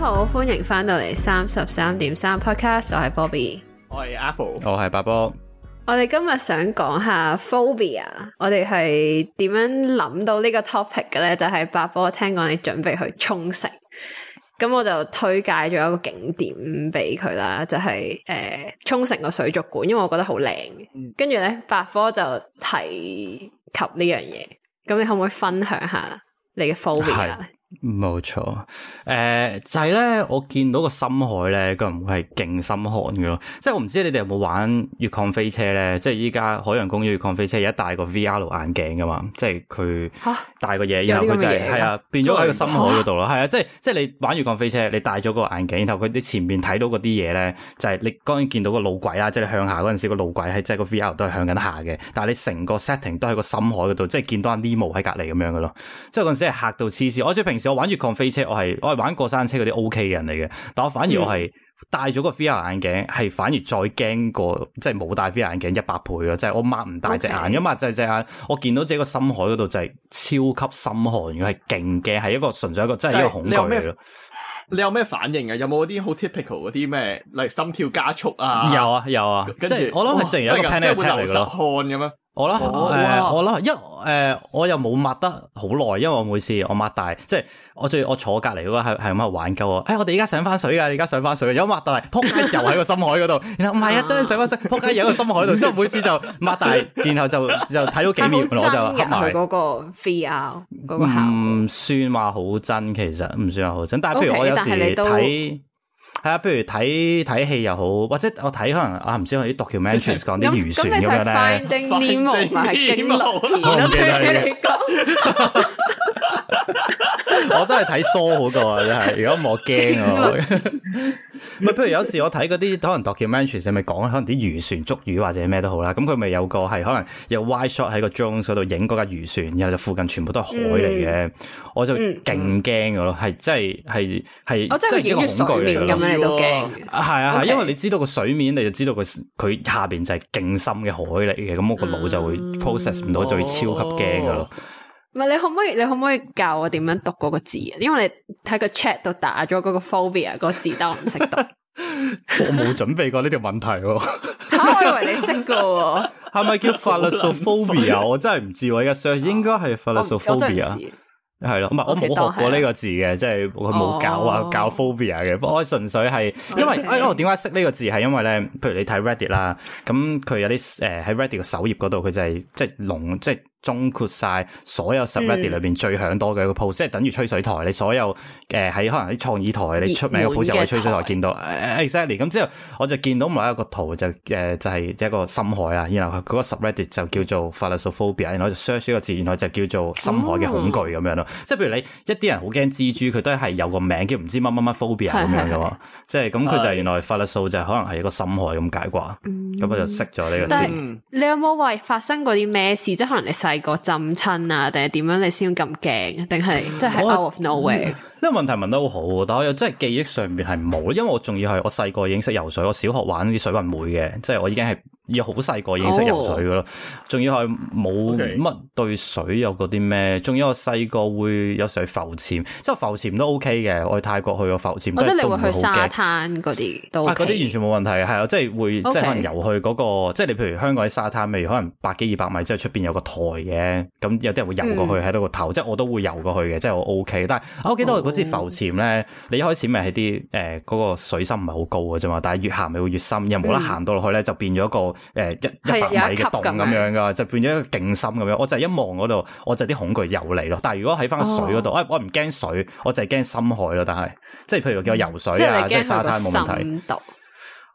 好，歡迎翻到嚟三十三點三 podcast，我係 Bobby，我係 Apple，我係八波。我哋今日想講下 phobia，我哋係點樣諗到個呢個 topic 嘅咧？就係、是、八波聽講你準備去沖繩，咁我就推介咗一個景點俾佢啦，就係、是、誒、呃、沖繩個水族館，因為我覺得好靚。跟住咧，八波就提及呢樣嘢，咁你可唔可以分享下你嘅 phobia？冇錯，誒、呃、就係、是、咧，我見到個深海咧，佢唔會係勁心寒噶咯，即係我唔知你哋有冇玩越礦飛車咧，即係依家海洋公園越礦飛車而家戴個 V R 眼鏡噶嘛，即係佢戴個嘢，然後佢就係、是、係蛤啊，變咗喺個深海嗰度咯，係蛤啊，即係即係你玩越礦飛車，你戴咗個眼鏡，然後佢你前面睇到嗰啲嘢咧，就係、是、你當然見到個路軌啦，即係你向下嗰陣時個路軌係即係個 V R 都係向緊下嘅，但係你成個 setting 都喺個深海嗰度，即係見到阿 Nemo 喺隔籬咁樣噶咯，即係嗰陣時係吓到黐線，我平時我玩住越礦飛車，我係我係玩過山車嗰啲 OK 嘅人嚟嘅，但我反而我係戴咗個 VR 眼鏡，係反而再驚過即係冇戴 VR 眼鏡一百倍咯，即係我擘唔大隻眼，Okay. 一擘大隻眼，我見到自己個深海嗰度就係超級心寒嘅，係勁驚，係一個純粹一個真係是一個恐懼。你有咩反應啊？有冇啲好 typical 嗰啲咩？例如心跳加速啊？有啊有啊，即係我諗係淨係一個 pain in the chest 嘅咯，心寒嘅咩？我咯，好哇，我諗，一，誒，我又冇抹得好耐，因為我每次我抹大，即係我最我坐隔籬嗰個係係咁去玩鳩我，誒、哎，我哋而家上翻水噶，你而家上翻水，有抹大扑街游喺個深海嗰度， 然後唔係啊，真係上翻水扑街游喺個深海度，之後每次就抹大，然後就就睇到幾秒， 我就合埋嗰個 feel，嗰個唔、 嗯、算話好真，其實唔算話好真，但係譬如我有時睇 你。 係啊，譬如睇睇戲又好，或者我睇可能啊，唔知我啲 documentaries、嗯，講啲漁船咁樣咧。咁咁你就係 Finding Nemo，埋驚龍，你 我都係睇疏，好過，真係。如果我驚，啊，係。譬如有時我睇嗰啲可能 documentary 咪講，可能啲漁船捉魚或者咩都好啦。咁佢咪有個係可能有 wide shot 喺個 drone 度影嗰架漁船，然後就附近全部都係海嚟嘅。我就勁驚嘅咯，係真係係係，就是，即係一個恐懼咁樣你都驚，係 啊，係因為你知道個水面，你就知道個佢下邊就係勁深嘅海嚟嘅。咁我個腦就會 process 唔到，嗯、 就會超級驚嘅咯。唔係你可唔可以，你可唔可以教我點樣讀嗰個字啊？因為你睇個 chat 都打咗嗰個 phobia 嗰個字，但我唔識讀。我冇準備過呢條問題喎。我以為你識㗎。係咪叫法律 sophobia 我真係唔知，我而家想應該係法律 sophobia 啊。係咯，唔係我冇學過呢個字嘅，即係冇搞啊搞 phobia 嘅。不過純粹係因為我點解識呢個字？係因為咧，譬如你睇 Reddit 啦，咁、呃、佢有啲誒喺 Reddit 嘅首頁嗰度，佢就係、是、即係龍、就是、即係。即即即中括晒所有 subreddit 裏邊最響多嘅一個 pose，、嗯、即係等於吹水台。你所有誒喺、呃、可能喺創意台，你出名嘅 pose 鋪就係吹水台，見到誒 exactly。咁之後我就見到另外一個圖就誒、是、呃、就係、是、一個深海啊，然後嗰個 subreddit 就叫做 thalassophobia，然後就 search 呢個字，原來就叫做深海嘅恐懼咁、哦、樣咯。即係譬如你一啲人好驚蜘蛛，佢都係有個名叫唔知乜乜乜 phobia 咁樣噶嘛。是是是即係咁佢就原來 thalasso 就可能係一個深海咁解啩。咁我、嗯嗯、就識咗呢個先。嗯、你有冇話發生過啲咩事？即可能你細個浸親啊，定係點樣你先咁驚？定係即係 out of nowhere？呢個問題問得好好，但係我又真係記憶上邊係冇，因為我仲要係我細個已經識游水，我小學玩啲水運會嘅，即係我已經係。要好細個已經識游水噶咯，仲、oh. 要係冇乜對水有嗰啲咩，仲 Okay. 要我細個會有時浮潛，即係浮潛都 OK 嘅。我去泰國去過浮潛，即係、oh, 哦、你會去沙灘嗰啲都，嗰啲、啊、完全冇問題嘅，係啊，即係會 Okay. 即係可能遊去嗰、嗰個，即係你譬如香港喺沙灘，譬如可能百幾二百米之，即係出邊有個台嘅，咁有啲人會游過去喺度個頭，mm. 即係我都會游過去嘅，即係我 OK。但係我記得嗰支浮潛咧，oh. 你一開始咪係啲誒嗰個水深唔係好高嘅啫嘛，但係越行咪會越深，又冇得，mm. 得行到落去咧就變咗一個。誒，一一百米嘅洞咁樣噶，就變咗一個勁深咁樣。我就一望嗰度，我就啲恐懼又嚟咯。但係如果喺翻個水嗰度，哦、我我唔驚水，我就係驚深海咯。但係，即係譬如叫我游水啊，即係沙灘冇問題。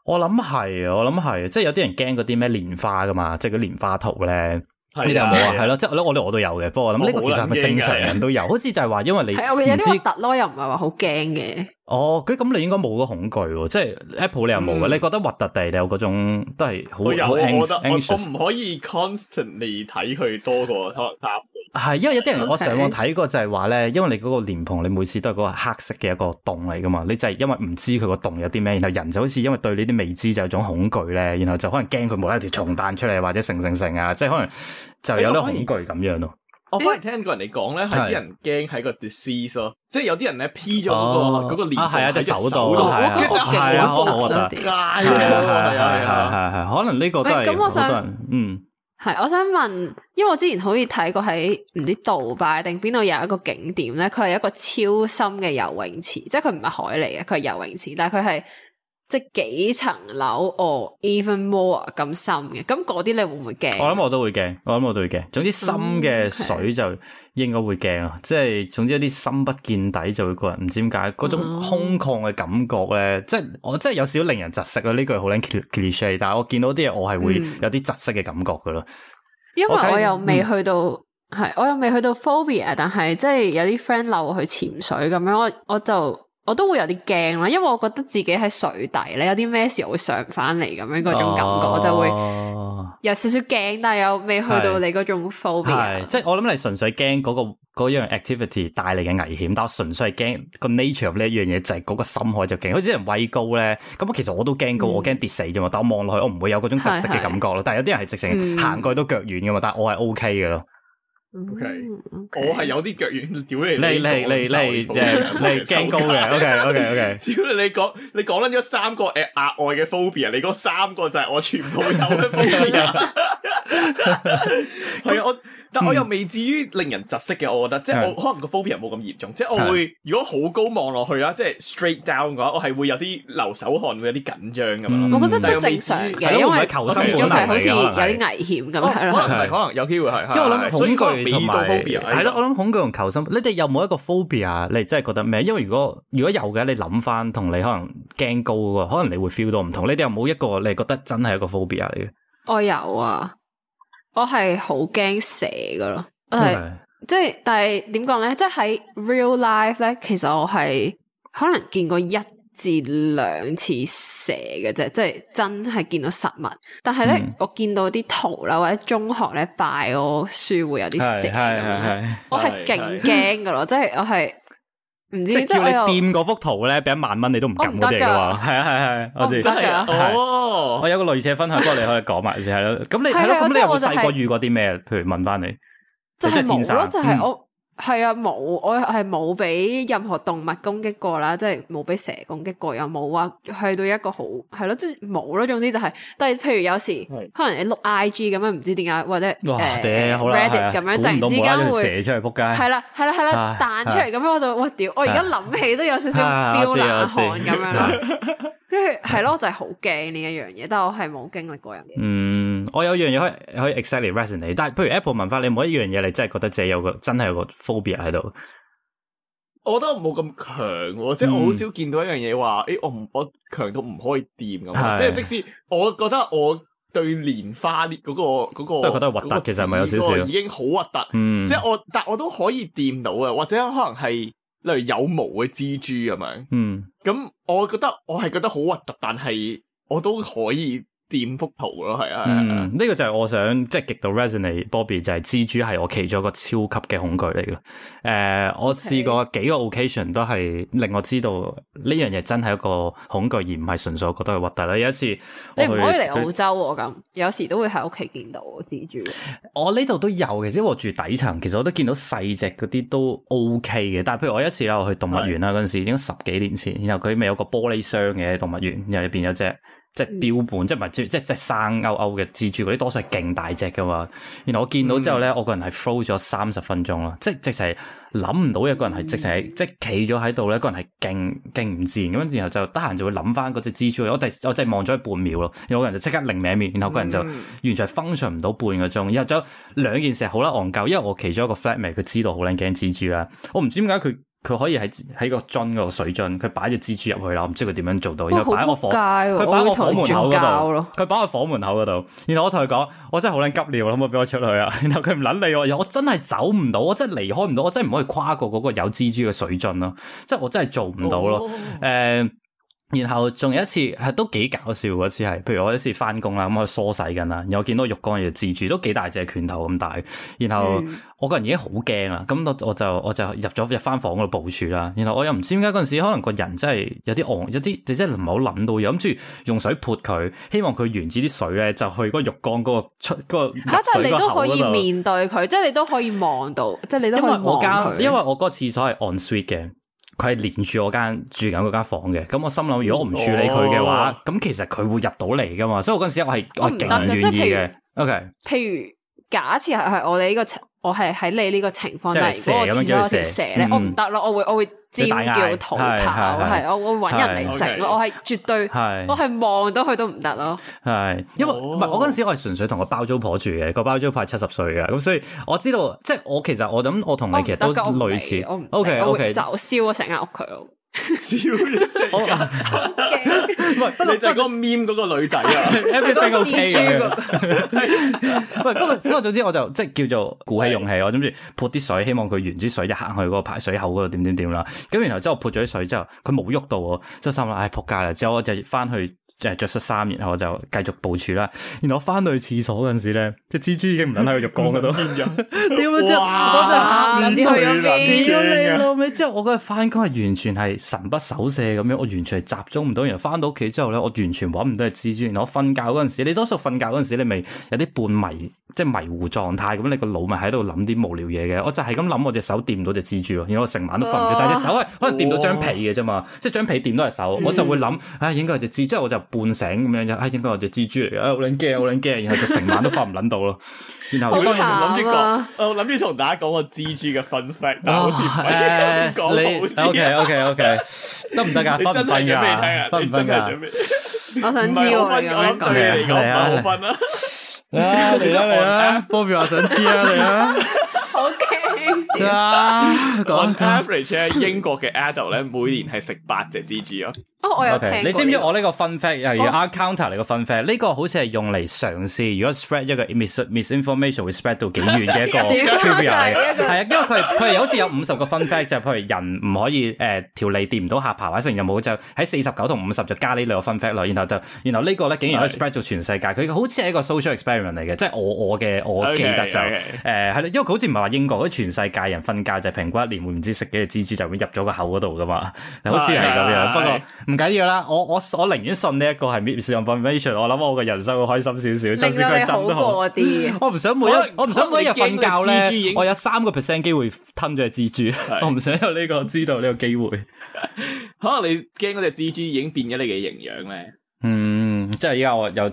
我諗係，我諗係，即係有啲人驚嗰啲咩蓮花噶嘛，即係個蓮花圖咧。你哋有冇啊？係咯 即係咧我咧，我，我都有嘅，不過我諗呢個其實係咪正常人都有，好似就係話因為你核突咯， 又唔係話好驚嘅。哦，佢咁你應該冇個恐懼，即係 Apple 你又冇嘅，嗯、你覺得核突地你有嗰種都係好好。我我唔可以 constantly 睇佢多過佢。 係，因為有啲人我上網睇過就係話咧，因為你嗰個蓮蓬，你每次都係嗰個黑色嘅一個洞嚟噶嘛，你就係因為唔知佢個洞有啲咩，然後人就好似因為對呢啲未知就有種恐懼咧，然後就可能驚佢冇啦條蟲彈出嚟或者成成成啊，即係可能就有啲恐懼咁樣咯。我反而聽過人嚟講咧，係啲人驚喺個 disease 咯，即係有啲人咧 P 咗嗰個嗰個蓮蓬喺手度，係啊，係係係係可能呢個都係，嗯。係，我想問，因為我之前好似睇過喺唔知杜拜定邊度有一個景點咧，佢係一個超深嘅游泳池，即係佢唔係海嚟嘅，佢係游泳池，但係佢係，即係幾層樓哦 even more 咁深嘅，咁嗰啲你會唔會驚？我諗我都會驚，我諗我都會驚。總之深嘅水就應該會驚咯。嗯 okay. 即係總之有啲深不見底就會覺得唔知點解嗰種空曠嘅感覺咧，嗯、即係我真係有少少令人窒息啊！呢句好 like cliché，但係我見到啲嘢我係會有啲窒息嘅感覺噶咯。嗯、okay, 因為我又未去到，係、嗯、我又未去到 phobia，但係即係有啲 friend 溜去潛水咁樣，我我,我就。我都會有啲驚啦，因為我覺得自己喺水底咧，有啲咩事會上翻嚟咁樣嗰種感覺，我、哦、就會有少少驚，但係又未去到你嗰種 phobia，即係我諗你純粹驚嗰、那個樣 activity 帶嚟嘅危險，但我純粹係驚個 nature of 呢一樣嘢就係嗰個深海就驚。好似啲人畏高咧，咁其實我都驚高，我驚跌死啫嘛。嗯、但我望落去，我唔會有嗰種窒息嘅感覺咯。但係有啲人係直情行過去都腳軟噶嘛。嗯、但係我係 OK 嘅咯。O K，我係有啲腳軟，屌你！你你你係即係驚高嘅，O K O K O K。屌你，你講你講緊咗三個誒額外嘅 phobia，你嗰三個就係我全部有嘅 phobia。係啊，我但係我又未至於令人窒息嘅，我覺得即係我可能個 phobia 冇咁嚴重，即係我會如果好高望落去啦，即係 straight down 嘅話，我係會有啲流手汗，會有啲緊張咁樣咯。我覺得都正常嘅，因為求生本能，好似有啲危險咁，係咯，可能可能有機會係，因為我諗恐懼。同埋係咯，我諗恐懼同求生，你哋有冇一個 phobia？你真係覺得咩？因為如果如果有嘅，你諗翻同你可能驚高嘅，可能你會 feel 到唔同。你哋有冇一個你係覺得真係一個 phobia 嚟嘅？我有啊，我係好驚蛇噶咯，係即係但係點講咧？即係、嗯喺、real life 咧，其實我係可能見過一。至兩次蛇嘅啫，即係真係見到實物。但係咧，嗯、我見到啲圖啦，或者中學咧拜嗰書會有啲蛇咁。是是是是是，我係勁驚噶咯，即係我係唔知。即係叫你掂嗰幅圖咧，俾一萬蚊你都唔敢嘅話，係啊係係。我真係哦，我有個類似嘅分享，不過你可以講埋先係咯。咁你咧咁 你，你有冇細個遇過啲咩？譬如問翻你，即係冇咯，就係我。係啊，冇，我係冇俾任何動物攻擊過啦，即係冇俾蛇攻擊過，又冇話去到一個好，係咯，即係冇咯，總之就係，但係譬如有時可能你碌 IG 咁樣，唔知點解或者 Reddit 咁樣突然之間會蛇出嚟撲街，係啦係啦係啦，彈出嚟咁樣我就哇屌，我而家諗起都有少少飆冷汗咁樣啦，跟住係咯，就係好驚呢一樣嘢，但係我係冇經歷過樣嘢。我有樣嘢可以可以 exactly recently 但係不如 Apple 文化，你冇一樣嘢你真係覺得自己有個真係有個 phobia 喺度。我覺得冇咁強，即係、嗯、我好少見到一樣嘢話，誒、欸，我唔我強到唔可以掂咁。即係的即使我覺得我對蓮花嗰個嗰個，那個、都係覺得核突，其實咪有少少，已經好核突。即係、嗯、我，但我都可以掂到嘅，或者可能係例如有毛嘅蜘蛛咁樣。嗯，咁、嗯、我覺得我係覺得好核突，但係我都可以。點幅圖咯，係啊，嗯，呢、這個就係我想即係極度 resonate，Bobby 就係蜘蛛係我其中一個超級嘅恐懼嚟嘅。誒、uh,，Okay. 我試過幾個 occasion 都係令我知道呢樣嘢真係一個恐懼，而唔係純粹覺得係核突啦。有一次我，你唔可以嚟澳洲咁、啊，他有時都會喺屋企見到蜘蛛。我呢度都有嘅，即係我住底層，其實我都見到細隻嗰啲都 OK 嘅。但係譬如我一次咧，我去動物園啦嗰陣時，已經的十幾年前，然後佢咪有個玻璃箱嘅動物園，然後入邊有隻。即係標本，即係唔係即即係生勾勾嘅蜘蛛嗰啲，多數係勁大隻嘅嘛。然後我見到之後咧，mm hmm. 我個人係 froze 咗三十分鐘咯。即係直情係諗唔到一個人係直情係即係企咗喺度咧，個人係勁勁唔自然咁。然後就得閒就會諗翻嗰隻蜘蛛。我第我就係望咗佢半秒咯。然後個人就即刻擰歪面，然後個人就完全 function 唔到半個鐘。然後有咗兩件事好啦，戇鳩，因為我其中一個 flatmate 佢知道好撚驚蜘蛛啦。我唔知點解佢。佢可以喺喺個樽嗰個水樽，佢擺隻蜘蛛入去啦，我唔知佢點樣做到，然後擺喺個房，佢擺喺房門口嗰度，佢擺喺房門口嗰度，然後我同佢講，我真係好捻急尿，可唔可以俾我出去啊？然後佢唔捻理我，我真係走唔到，我真係離開唔到，我真係唔可以跨過嗰個有蜘蛛嘅水樽咯，即係我真係做唔到咯，誒。Oh, oh. uh, 然後仲有一次係都幾搞笑嗰次係，譬如我一次翻工啦，咁我梳洗緊啦，然後見到浴缸嘢自住都幾大隻拳頭咁大。然後我個人已經好驚啦，咁我我就我就入咗入翻房嗰度部署啦。然後我又唔知點解嗰陣時可能個人真係有啲戇，有啲你真係唔係好諗到，諗住用水潑佢，希望佢沿住啲水咧就去嗰個浴缸嗰個出嗰個。那個、啊！但係你都可以面對佢，即係你都可以望到，即係你都因為我間他因為我嗰個廁所係按 suite 嘅。Suite 佢係連住我間住緊嗰間房嘅，咁我心諗，如果我唔處理佢嘅話，咁、oh. 其實佢會入到嚟噶嘛，所以我嗰陣時我係我勁唔願意嘅。譬 OK，譬如假設係我哋呢、這個我係喺你呢個情況，但係如果我廁所有條蛇咧，嗯、我唔得咯，我會我會尖叫逃跑，係我會揾人嚟整，okay，我係絕對，是我係望到佢都唔得咯。係，因為唔係我嗰陣時，我係純粹同個包租婆住嘅，個包租婆係七十歲嘅，咁所以我知道，即係我其實我諗，我同你其實都類似。O K O K，就燒咗成間屋佢咯。笑死我啦喂，你就係嗰個面嗰個女仔啊，v e y 嗰個蜘蛛嗰個，k 係，不過不過總之我就即、是、係叫做鼓起勇氣，我諗住潑啲水，希望佢沿住水就行去嗰個排水口嗰度點點點啦。咁然後之後潑咗啲水之後，佢冇喐到，我即係心諗，唉仆街啦。之後我就翻去。即係着恤衫，然後我就繼續部署啦。然後我翻到去廁所嗰陣時咧，隻蜘蛛已經唔等喺個浴缸度。點解之後我真係吓唔到有驚屌你咯？咩？之後我嗰日翻工係完全係神不守舍咁樣，我完全係集中唔到。然後翻到屋企之後咧，我完全搵唔到隻蜘蛛。然後我瞓覺嗰陣時，你多數瞓覺嗰陣時，你咪有啲半迷。即係迷糊狀態，咁你個腦咪喺度諗啲無聊嘢嘅，我就係咁諗，我隻手掂到隻蜘蛛咯，然後成晚都瞓唔住，但係隻手係可能掂到張被嘅啫嘛，即係張被掂到隻手，我就會諗，唉，應該係隻蜘，之後我就半醒咁樣，唉，應該係隻蜘蛛嚟嘅，我捻驚，我捻驚，然後就成晚都瞓唔捻到咯，然後諗住個，我諗住同大家講個蜘蛛嘅 fun fact，但係好似唔係，講 O K O K O K，得唔得噶？分分啊！分分啊！我想知我嚟啊！嚟啊嚟啊，波比話想知啊嚟啊！啊 On average 咧，英國嘅 adult 咧每年係食八隻蜘蛛咯。哦，oh, 我有聽。Okay, 你知唔知、這個、我呢個 fun fact 又如 a、oh. c o u n t e r 嚟嘅 fun fact？呢個好似係用嚟嘗試，如果 spread 一個 iss, misinformation 會 spread 到幾遠嘅一個 trivia 嘅。係啊，因為佢佢係好似有五十個 fun fact，就譬如人唔可以誒、呃、條脷掂唔到下巴，或者成日冇就喺四十九同五十就加呢兩個 fun fact 咯。然後就然後呢個咧竟然可以 spread 到全世界，佢好似係一個 social experiment 嚟嘅，即係我我嘅我記得就誒係、okay, okay. 呃、因為好似唔係話英國，全。世界人瞓覺就係、平均一年會唔知食幾隻蜘蛛就會入咗個口嗰度噶嘛，好似係咁樣。哎、呀不過唔緊要啦，我我我寧願信呢一個係 misinformation 我諗我嘅人生會開心少少，到即使佢真都好。好過我唔想每一、啊、我唔想每一日瞓、啊、覺咧，你你我有三個 percent 機會吞咗隻蜘蛛。是 我唔想有呢個知道呢個機會。 可能你驚嗰隻蜘蛛已經變咗你嘅營養咧？嗯，即係依家我有。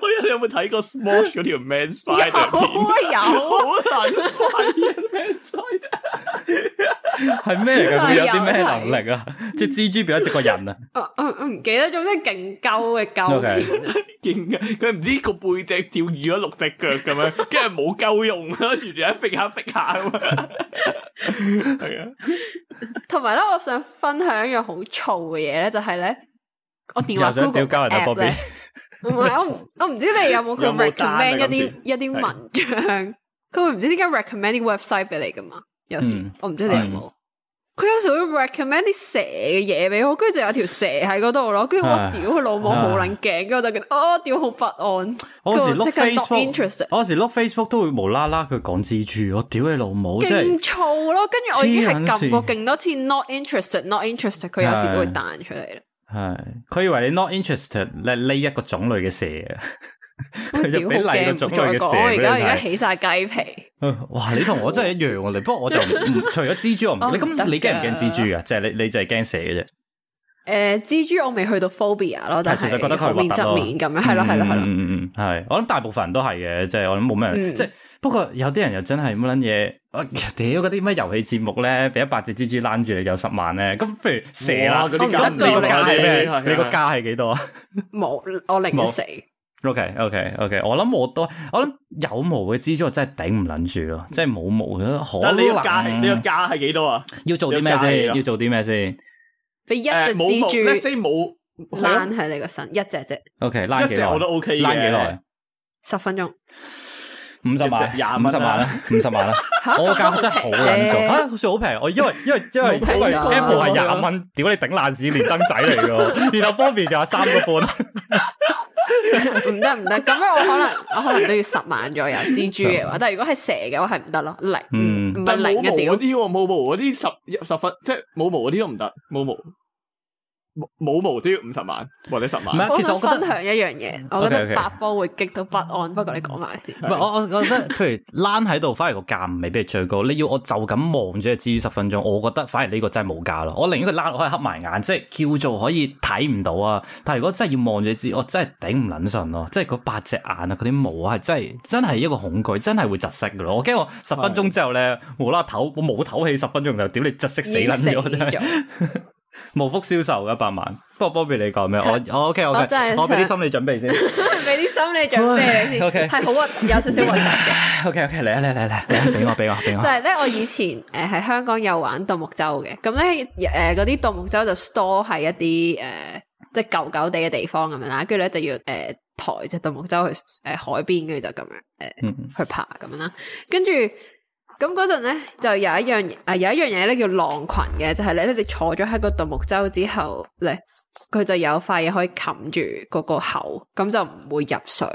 我呀，你有冇睇過 Sm《Smash 》嗰條 Man Spider 片？我有、啊 啊，好神奇！Man 's Spider 係咩嚟噶？有啲咩能力啊？ 即係蜘蛛變咗隻個人啊？嗯唔、啊、記，記得勾勾，總之勁鳩嘅鳩片，勁嘅佢唔知個背脊釣魚咗六隻腳咁樣，跟住冇鳩用咯，完全喺劈下劈下咁啊！係啊，同埋咧，我想分享一樣好燥嘅嘢咧，就係、是、咧，我電話想 o o 人啊，e 咧。 唔係我我唔知你有冇佢 recommend 一啲一啲文章，佢會唔知點解 recommend 啲 website 俾你噶嘛？有時我唔知你有冇，佢有時會 recommend 啲蛇嘅嘢俾我，跟住就有條蛇喺嗰度咯。跟住我屌佢老母好撚驚，跟住我就覺得哦，屌好不安。我有時碌 Facebook，我有時碌 Facebook 都會無啦啦佢講蜘蛛，我屌你老母勁燥咯。跟住我已經係撳過勁多次 not interested，not interested，佢有時都會彈出嚟係，佢以為你 not interested 呢呢一個種類嘅蛇，又俾另一個種類嘅蛇你吓，我而家而家起晒雞皮。哇，你同我真係一樣，你怕不過我就唔，除咗蜘蛛我、啊、唔、就是，你咁你驚唔驚蜘蛛噶？就係你你就係驚蛇嘅啫。誒，蜘蛛我未去到 phobia 咯，但係其實覺得佢面側面咁樣，係咯係咯係咯，嗯嗯嗯，係，我諗大部分人都係嘅，即係我諗冇咩人，即係不過有啲人又真係乜捻嘢，屌嗰啲咩遊戲節目咧，俾一百隻蜘蛛攬住你有十萬咧，咁譬如蛇啊嗰啲，咁你個價係咩？你個價係幾多啊？冇，我零死。O K O K O K，我諗我都，我諗有毛嘅蜘蛛真係頂唔捻住咯，即係冇毛嘅可能你個價係你個價係幾多啊？要做啲咩先？要做啲咩先？俾一隻蜘蛛，即係冇拉喺你個身，一隻啫。O K，拉幾耐？一隻我都 O K 嘅。拉幾耐？十分鐘。五十萬，廿五十萬啦，五十萬啦。我價真係好靚嘅，吓算好平。我因為因為因為 apple 係廿蚊，屌你頂爛屎連登仔嚟嘅，然後旁邊就係三個半。唔得唔得，咁 樣我可能我可能都要十萬左右蜘蛛嘅話，但係如果係蛇嘅話，我係唔得咯，零，唔係、嗯、零一點嗰啲，冇毛嗰啲、哦，十十分，即係冇毛嗰啲都唔得，冇毛。冇毛都要五十萬或者十萬，唔係其實我覺得我分享一樣嘢，okay, okay. 我覺得八波會激到不安。不過你講埋先。唔係 Okay. 我我覺得，譬如攬喺度，反而個價未必係最高。你要我就咁望住佢知十分鐘，我覺得反而呢個真係冇價咯。我寧願佢攬落去黑埋眼，即係叫做可以睇唔到啊。但係如果真係要望住佢，我真係頂唔撚順咯。即係八隻眼啊，嗰啲毛啊，係真係真係一個恐懼，真係會窒息噶咯。我驚我十分鐘之後咧的，無啦唞，我冇唞氣十分鐘又屌你窒息死撚咗 無福消受一百萬，不過 Bobby 你講咩？的我我 OK OK，我俾啲心理準備先，俾啲 心理準備你先，係好核，有少少核。 OK OK，嚟啊嚟嚟嚟，俾我俾我俾我。我我就係咧，我以前誒喺、呃、香港有玩獨木舟嘅，咁咧誒嗰啲獨木舟就 store 喺一啲誒、呃、即係舊舊地嘅地方咁樣啦，跟住咧就要誒抬隻獨木舟去誒海邊，跟住就咁樣誒、呃、去爬咁樣啦，嗯、跟住。咁嗰陣咧，就有一樣誒，有一樣嘢咧叫浪裙嘅，就係咧，你坐咗喺個獨木舟之後咧，佢就有塊嘢可以冚住嗰個口，咁就唔會入水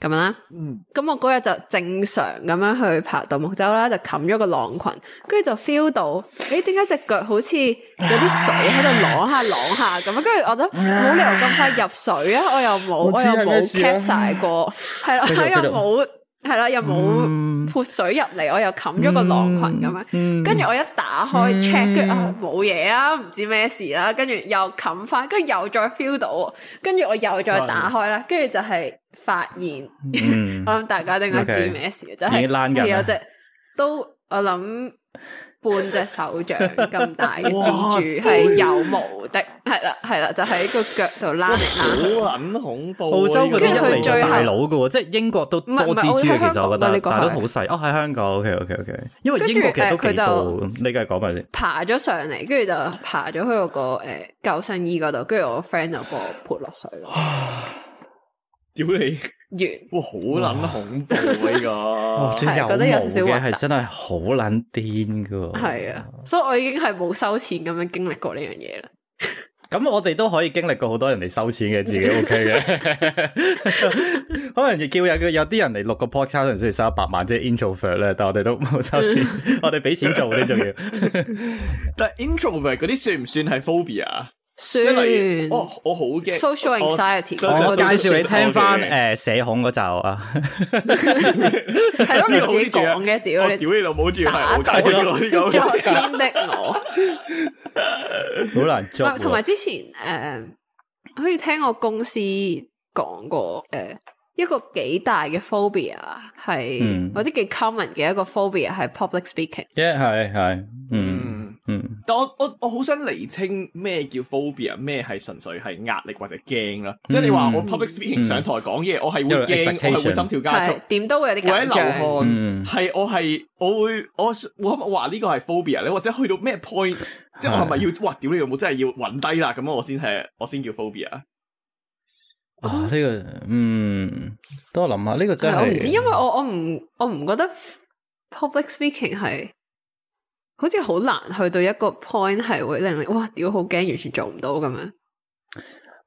咁樣啦。嗯，咁我嗰日就正常咁樣去拍獨木舟啦，就冚咗個浪裙，跟住就 feel 到，誒，點解隻腳好似有啲水喺度攞下攞下咁啊？跟住我諗冇理由咁快入水啊，我又冇，我又冇 cap 晒過，係啦，我又冇。係啦，又冇潑水入嚟，嗯、我又冚咗個狼群咁樣，跟住、嗯、我一打開、嗯、check，跟住啊冇嘢啊，唔知咩事啦、啊，跟住又冚翻，跟住又再 feel 到，跟住我又再打開啦，跟住、嗯、就係發現，嗯、 我諗大家都應該知咩事，嗯、okay，就係即係有隻都，我諗。半隻手掌咁大嘅蜘蛛係有毛的。係啦係啦，就喺個腳度拉住。真係好撚恐怖。澳洲佢最大腦噶，即係英國都多蜘蛛，其實我覺得，但係都好細。哦，喺香港，OK OK OK。因為英國其實都幾多。呢個講埋先。爬咗上嚟，跟住就爬咗去個誒救生衣嗰度，跟住我 friend 就幫我潑落水咯。屌你完，哇！好捻恐怖啊！係覺得有少少核突，係真係好捻癲噶。係啊，所以我已經係冇收錢咁樣經歷過呢樣嘢啦。咁、嗯嗯、 我哋都可以經歷過好多人哋收錢嘅，自己 OK 嘅。 可能亦叫有有啲人嚟錄個 podcast，甚至收一百萬，即係 introvert 咧。但係我哋都冇收錢， 我哋俾錢做啲重要。 但係 introvert 嗰啲算唔算係 phobia？算哦，我好驚 Social anxiety。我介紹你聽翻誒社恐嗰集啊，係咯，你自己講嘅屌，你屌你老母住，打住我呢個天的我，好難做。同埋之前誒，好似聽我公司講過，誒一個幾大嘅 phobia 係，或者幾 common 嘅一個 phobia 係 public speaking。係係嗯。但我我我好想厘清咩叫 phobia，咩係純粹係壓力或者驚啦。嗯、即係你話我 public speaking 上台講嘢，嗯、我係會驚，了我係會心跳加速，點都會有啲緊張，會喺流汗。係、嗯、我係我會我我話呢個係 phobia 你或者去到咩 point，對即係我係咪要哇？屌你有冇真係要暈低啦？咁樣我先係我先叫 phobia。 啊呢、這個嗯，等我諗下呢個真係，唔 知因為我我唔我唔覺得 public speaking 係。好似好難去到一個 point 係會令你哇，屌好驚，完全做唔到咁樣。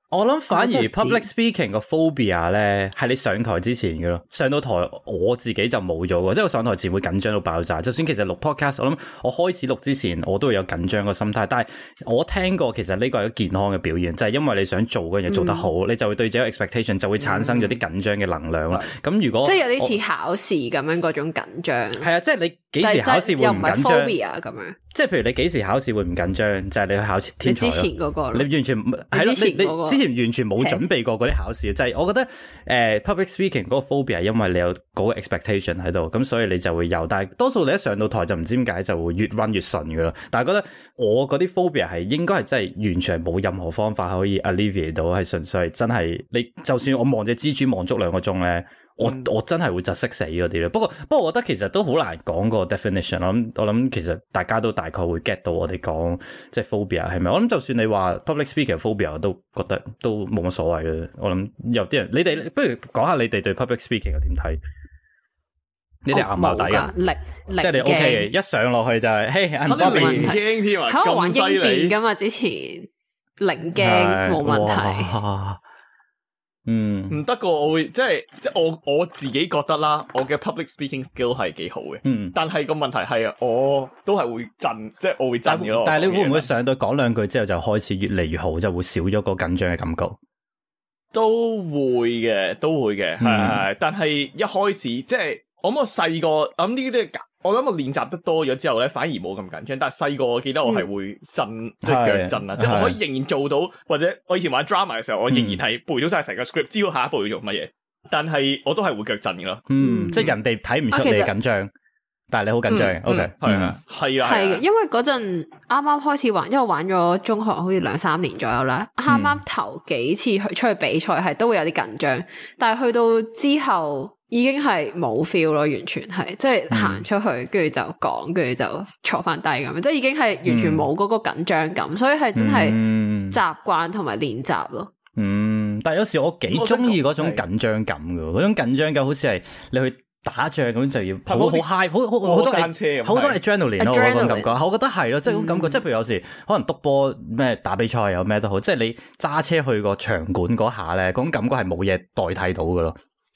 我諗反而 public speaking 個 phobia 咧，係你上台之前嘅咯。上到台我自己就冇咗嘅，即係我上台前會緊張到爆炸。就算其實錄 podcast，我諗我開始錄之前我都會有緊張個心態。但係我聽過其實呢個係一個健康嘅表現，就係、是、因為你想做嘅嘢做得好，嗯、你就會對自己 expectation 就會產生咗啲緊張嘅能量啦。咁、嗯嗯、如果即係有啲似考試咁樣嗰我種緊張，係啊，即、就、係、是、你。幾時考試會唔緊張？咁樣，即係譬如你幾時考試會唔緊張？就係、是、你去考試之前嗰個，你完全係咯、那個，你之前完全冇準備過嗰啲考試。嗯、就係我覺得誒、呃、public speaking 嗰個 phobia 因為你有嗰個 expectation 喺度，咁所以你就會有。但係多數你一上到台就唔知點解就會越 run 越順噶啦。但係覺得我嗰啲 phobia 係應該係真係完全冇任何方法可以 alleviate 到，係純粹係真係你就算我望隻蜘蛛望足兩個鐘咧。 我我真係會窒息死嗰啲咧，不過不過我覺得其實都好難講個 definition 咯。咁我諗其實大家都大概會 get 到我哋講即係、就是、phobia 係咪？我諗就算你話 public speaking phobia 我都覺得都冇乜所謂嘅。我諗有啲人，你哋不如講下你哋對 public speaking 又點睇？哦、你哋硬唔硬底噶？零，零即係你 OK，驚一上落去就係、是、嘿，硬、hey, 邊驚添啊！咁犀利噶嘛，之前零驚冇是問題。嗯，唔得㗎，我會，即係即係我我自己覺得啦，我嘅 public speaking skill 係幾好嘅。嗯，但係個問題係啊，我都係會震，即係我會震嘅。但係是你會唔會上到講兩句之後就開始越嚟越好，就會少咗個緊張嘅感覺？都會嘅，都會嘅，係係。嗯，但係一開始即係，我諗我細個，諗呢啲都係我諗我練習得多咗之後咧，反而冇咁緊張。但係細個我記得我係會震，即係腳震啦，即係我可以仍然做到，或者我以前玩 drama 嘅時候，我仍然係背咗晒成個 script，知道下一步要做乜嘢。但係我都係會腳震嘅咯。嗯，即係人哋睇唔出你緊張，但係你好緊張。OK，係啊，係啊，係。因為嗰陣啱啱開始玩，因為我玩咗中學好似兩三年左右啦。啱啱頭幾次去出去比賽係都會有啲緊張，但係去到之後。已經係冇 feel 咯，完全係即係行出去，跟住就講，跟住就坐翻低咁樣，即係已經係完全冇嗰個緊張感，嗯、所以係真係習慣同埋練習咯。嗯，但有時我幾中意嗰種緊張感嘅，嗰種緊張感好似係你去打仗咁就要好好 high，好好好多過山車、啊，好多 adrenaline 咯嗰種感覺。我覺得係咯，即係嗰種感覺，嗯、即係譬如有時可能督波咩打比賽有咩都好，即係你揸車去個場館嗰下咧，嗰種感覺係冇嘢代替到嘅咯。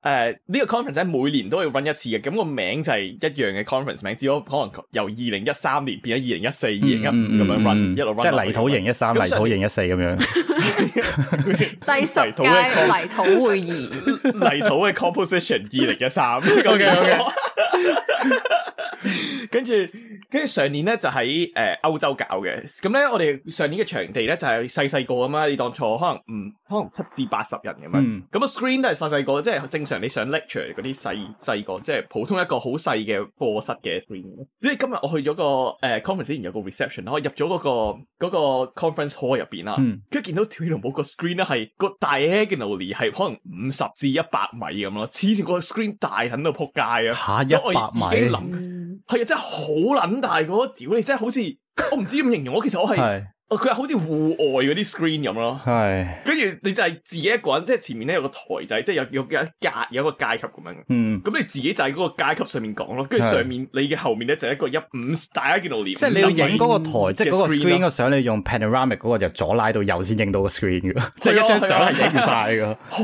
誒，呢、uh, 個 conference 每年都要 run 一次嘅，咁個名就係一樣嘅 conference 名，只可可能由二零一三年變咗二零一四、二零一五咁樣 run，一路即係泥土型一三，泥土型一四咁樣。 第十屆 泥土會議，泥土嘅 composition 二零一三。好嘅，好、就、嘅、是。跟、呃、住，跟住上年咧就喺誒歐洲搞嘅，咁咧我哋上年嘅場地咧就係細細個咁啊，你當錯可能唔。嗯可能七至八十人咁樣、嗯，咁個 screen 都係細細個，即係正常你上 lecture 嗰啲細細個，即係普通一個好細嘅課室嘅 screen。所以今日我去咗個誒、呃、conference，然有個 reception 啦，我入咗嗰、那個、那個 conference hall 入邊啦，跟住、嗯、見到跳舞個 screen 咧係個 diagonal 係可能五十至一百米咁咯。此前、那個 screen 大喺度撲街啊，吓一百米啊，係啊、嗯，真係好撚大個，屌你真係好似我唔知點形容我，其實我係。哦，佢係好似戶外嗰啲 screen 咁咯，係是，跟住你就係自己一個人，即、就、係、是、前面咧有個台仔，即係有有有架有一個階、就是、級咁樣，嗯，咁你自己就喺嗰個階級上面講咯，跟住是上面你嘅後面咧就一個一五，大家見到連，即係你影嗰個台，即係嗰個 screen 個相，啊、你用 panoramic 嗰個就左拉到右先影到個 screen 噶，啊、 即係一張相係影唔晒噶，好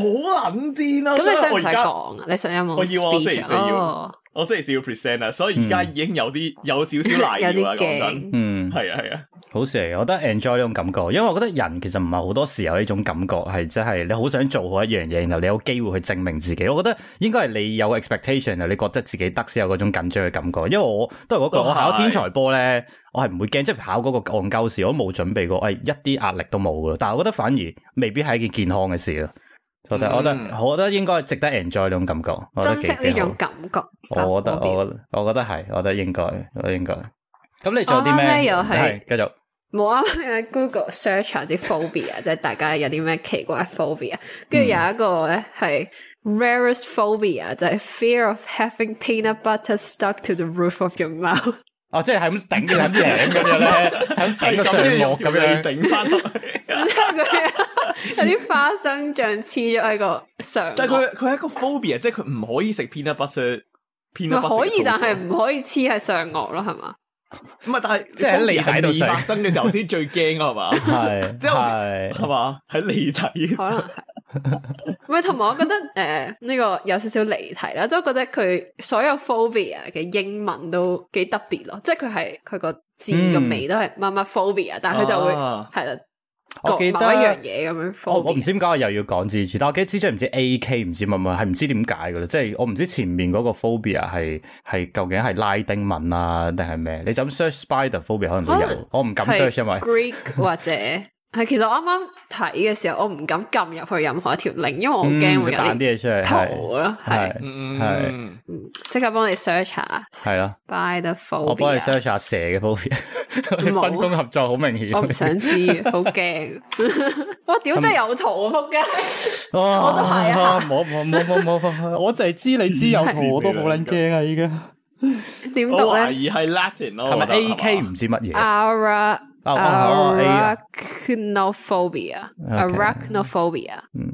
捻癲咯，咁你使唔使講啊？你想唔使冇要 speech 我星期四要 present 啊，所以而家已經有啲有少少瀨尿啦，講真，嗯，係啊係啊，啊好事嚟嘅，我覺得 enjoy 呢種感覺，因為我覺得人其實唔係好多時候有呢種感覺，係真係你好想做好一樣嘢，然後你有機會去證明自己。我覺得應該係你有 expectation，然後你覺得自己得先有嗰種緊張嘅感覺。因為我都係嗰、那個，嗯、我考天才波咧，我係唔會驚，即係的考嗰個戇鳩試，我都冇準備過，我、哎、一啲壓力都冇噶。但係我覺得反而未必係一件健康嘅事啊。我得，我得，我覺得應該值得 enjoy 呢種感覺，珍惜呢種感覺。我覺得，我我我覺得係，我覺得應該，我應該。咁你做啲咩？又係繼續。冇啱啱喺 Google search 下啲 phobia，即係大家有啲咩奇怪 phobia。跟住有一個咧係 rarest phobia，就係 fear of having peanut butter stuck to the roof of your mouth。哦，即係喺咁頂住頂咁樣咧，頂個上顎咁樣頂翻。就係佢。 有啲花生醬黐咗喺個上顎。但係佢佢係一個 phobia，即係佢唔可以 p、er, p er、食 peanut butter 食 peanut butter 食。可以，但係唔可以黐喺上顎咯，係嘛？咁係，但係即係喺離題度發生嘅時候先最驚啊，係嘛 是？係即係係嘛？喺離題可能係。唔同埋我覺得誒呢、呃這個有少少離題啦，都覺得佢所有 phobia 嘅英文都幾特別咯，即係佢係佢個字個尾都係乜乜 phobia，但係佢就會係啦。 我記得一樣嘢咁樣，我唔知點解我又要講蜘蛛，但係我記得蜘蛛唔知 A K 唔知乜乜，係唔知點解噶啦，即係我唔知前面嗰個 phobia 係係究竟係拉丁文啊定係咩？你就咁 search spider phobia 可能都有，啊、我唔敢 search 因為 Greek 或者。 係其實我啱啱睇嘅時候，我唔敢撳入去任何一條 link，因為我好驚會有啲圖咯。係、嗯，即刻幫你 search 下，係咯。Spider phobia，我幫你 search 下蛇嘅 phobia。分工合作好明顯、嗯 ah, 啊啊。我唔想知，好驚。我屌真係有圖啊，仆街！我都係啊！冇冇冇，我我我就係知你知有圖，我都冇撚驚啊！而家。點讀咧？係 Latin 咯，係咪 AK 唔知乜嘢？ara。啊，arachnophobia，arachnophobia 嗯，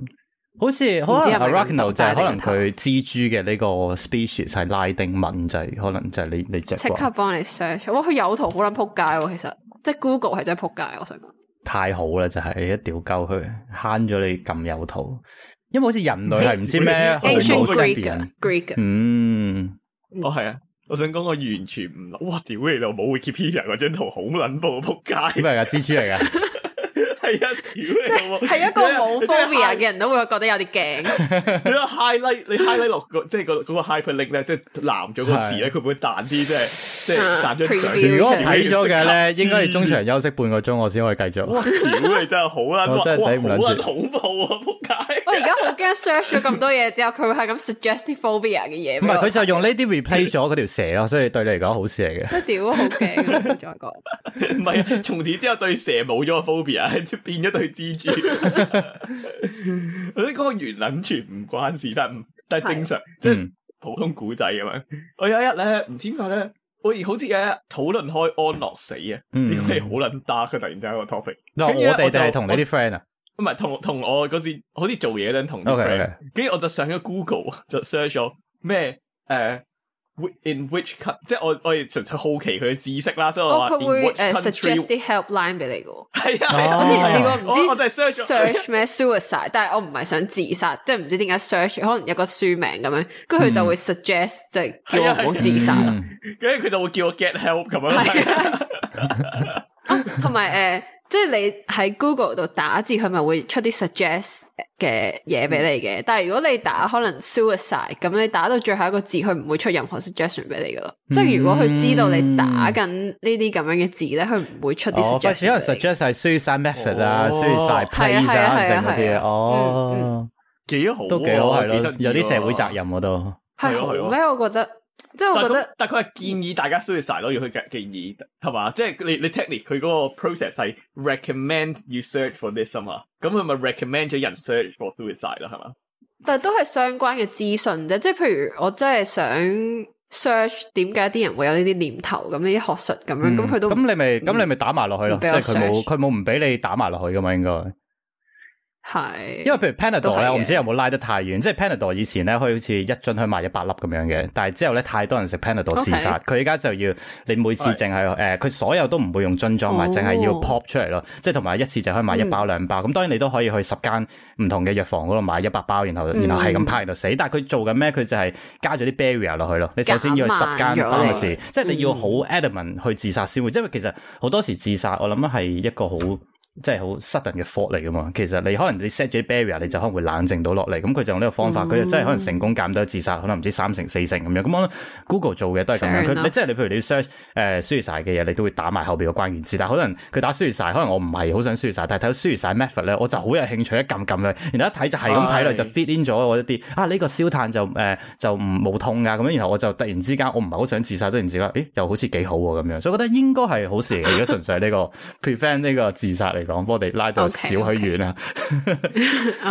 好似，好似 arachno 就係可能佢蜘蛛嘅呢個 species 係拉丁文，就係可能就係你你只，即刻幫你 search，哇，佢有圖好撚扑街，其實，即係 Google 係真係扑街，我想講，太好啦，就係一屌鳩佢慳咗你咁有圖，因為好似人類係唔知咩，Ancient Greek 嗯，我係啊。我想講我完全唔諗，哇！屌你，老母會 keep Peter 嗰張圖好撚暴，仆街。咩嚟㗎？蜘蛛嚟㗎？ 係 一個冇 phobia 嘅人都會覺得有啲驚。 你 highlight，你 highlight 落個，即係個嗰個 hyperlink 咧，即係藍咗個字咧，佢會彈啲？即係即係淡咗。如果睇咗嘅咧，應該係中場休息半個鐘，我先可以繼續。屌你真係好啦，我 真係好恐怖啊！仆街！我而家好驚 search 咗咁多嘢之後，佢會係咁 suggest phobia 嘅嘢。唔係，佢就用呢啲 replace 咗嗰條蛇咯， 所以對你嚟講好事嚟嘅。屌，好驚！再講，唔係啊！從此之後對蛇冇咗個 phobia。變咗對蜘蛛，我啲嗰個圓完全唔關事，但係但係正常，的即係普通古仔咁樣。我有一日咧，唔知點解咧，我好似一日討論開安樂死啊，點解好撚打？佢突然間一個 topic、嗯。我哋就，我就同你啲 friend 啊，唔係同同我嗰時好似做嘢都同啲 friend。跟住 Okay, okay. 我就上咗 Google 就 search 咗咩誒。呃 In which 即係我我亦純粹好奇佢嘅知識啦，所以我話佢會誒 suggest 啲 helpline 俾你噶。係啊，我之前試過唔知我就係 search 咩 suicide，但係我唔係想自殺，即係唔知點解 search 可能有個書名咁樣，跟住佢就會 suggest 即係叫我唔好自殺咯，跟住佢就會叫我 get help 咁樣。同埋誒。即係你喺 Google 度打字，佢咪會出啲 suggest 嘅嘢俾你嘅。但係如果你打可能 suicide，咁你打到最後一個字，佢唔會出任何 suggestion 俾你噶咯。即係如果佢知道你打緊呢啲咁樣嘅字咧，佢唔會出啲 suggestion。哦，主要 suggest 係 suicide method 啊，suicide 啊，剩啊，啲啊。哦，幾好，都幾好係咯，有啲社會責任我都係咯係咯，咩我覺得。即係我覺得，但佢係建議大家 search 咯，嗯、用佢嘅建議係嘛？即係你你 technique 佢嗰個 process 係 recommend you search for this 嘛？咁佢咪 recommend 咗人 search for suicide 啦，係嘛？但都係相關嘅資訊啫。即係譬如我真係想 search，點解啲人會有呢啲念頭？咁呢啲學術咁樣，咁佢、嗯、都咁你咪咁你咪打埋落去咯。即係佢冇佢冇唔俾你打埋落去噶嘛？應該。係，是因為譬如 Panadol 咧，我唔知有冇拉得太遠，即係 Panadol 以前咧可以好似一樽可以賣一百粒咁樣嘅，但係之後咧太多人食 Panadol 自殺，佢而家就要你每次淨係誒，佢的、呃、所有都唔會用樽裝埋，淨係、哦、要 pop 出嚟咯，即係同埋一次就可以買一包兩、嗯、包，咁當然你都可以去十間唔同嘅藥房嗰度買一百包，然後、嗯、然後係咁派度死，但係佢做緊咩？佢就係加咗啲 barrier 落去咯，你首先要去十間同時，即係你要好 adamant 去自殺先會，因為其實好多時自殺我諗係一個好。即係好 sudden 嘅 fall 嚟噶嘛，其實你可能你 set 咗 barrier，你就可能會冷靜到落嚟。咁佢就用呢個方法，佢、嗯、就真係可能成功減低自殺，可能唔知三成四成咁樣。咁我 Google 做嘅都係咁樣。Fair enough. 你即係你譬如你 search 誒輸嘅嘢，你都會打埋後邊個關鍵字。但可能佢打輸晒，可能我唔係好想輸晒。但係睇到輸晒 method 咧，我就好有興趣一撳撳佢，然後一睇就係咁睇嚟就 fit in 咗我一啲啊呢、這個燒炭就誒、呃、就唔冇痛噶咁樣。然後我就突然之間我唔係好想自殺，突然之間誒又好似幾好咁樣，所以我覺得應該係好事。如果純粹呢、這個 prevent 呢 個自殺嚟講，幫我哋拉到少許遠啊，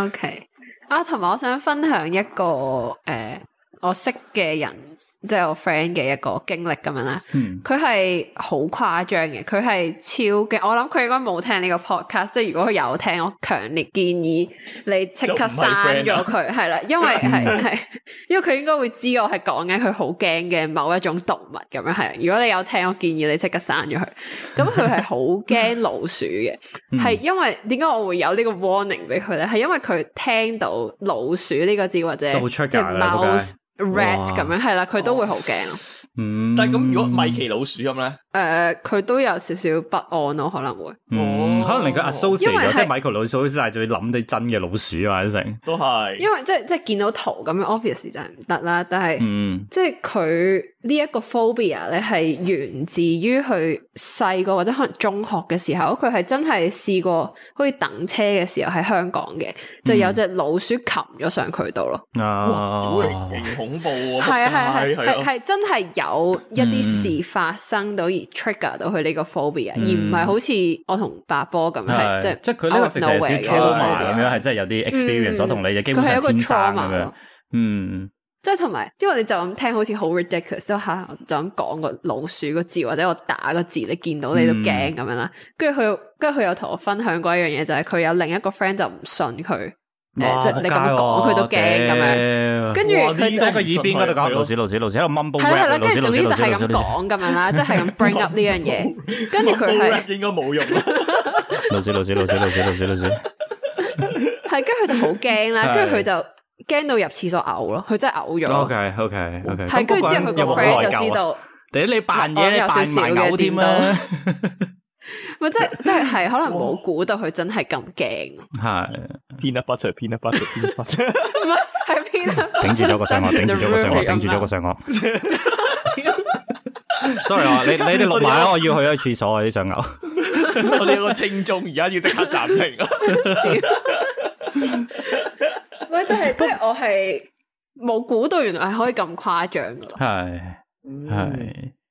OK 啊，同埋我想分享一個誒、呃，我識嘅人。即係我 friend 嘅一個經歷咁樣啦，嗯，佢係好誇張嘅，佢係超驚。我諗佢應該冇聽呢個 podcast，即係如果佢有聽，我強烈建議你即刻刪咗佢，係啦，因為係係，因為佢應該會知我係講緊佢好驚嘅某一種動物咁樣係。如果你有聽，我建議你即刻刪咗佢。咁佢係好驚老鼠嘅，係 因為點解我會有呢個 warning 俾佢咧？係因為佢聽到老鼠呢個字或者即係是貓。了解 rat 咁樣係啦，佢哇都會好驚。嗯、但係咁如果米奇老鼠咁咧，誒佢、呃、都有少少不安咯，可能會。嗯、可能連個 associate 即係米奇老鼠，老鼠是，先係最諗啲真嘅老鼠啊，成都係。因為即係即係見到圖咁樣，obvious 就係唔得啦。但係，嗯，即係佢。呢一個 phobia 咧係源自於佢細個或者可能中學嘅時候，佢係真係試過可以等車嘅時候喺香港嘅，就有隻老鼠擒咗上佢度咯。哇！恐怖啊！係係係係係真係有一啲事發生到而 trigger 到佢呢個 phobia，而唔係好似我同白波咁樣，即係即係佢呢個直係咁樣，係真係有啲 experience 同你嘅，基本上一個 trauma，嗯。即係同埋，因為你就咁聽，好似好 ridiculous。即係就咁講個老鼠個字，或者我打個字，你見到你都驚咁樣啦。跟住佢，跟住佢有同我分享過一樣嘢，就係佢有另一個 friend 就唔信佢，即係你咁講，佢都驚咁樣。跟住佢喺佢耳邊嗰度搞老鼠，老鼠，老鼠喺度掹布。佢係咧，跟住總之就係咁講咁樣啦，即係咁 bring up 呢樣嘢。跟住佢係應該冇用。老鼠，老鼠，老鼠，老鼠，老鼠，老鼠。係跟住佢就好驚啦，跟住佢就。驚到入廁所嘔咯，佢真係嘔咗。OK OK OK 有有。係跟住之後佢個 friend 就知道，你扮嘢，有少少嘔添啦。咪即係即係係可能冇估到佢真係咁驚。係編啊，編啊，編啊， 編啊，編啊，係編啊。頂住咗個上顎，頂住咗個上顎，頂住咗個上顎。Sorry 啊，你你哋錄埋啦，我要去個廁所啊，啲想嘔。 我哋有個聽眾而家要即刻暫停。 喂，真係即係，我係冇估到，原來係可以咁誇張噶，係係。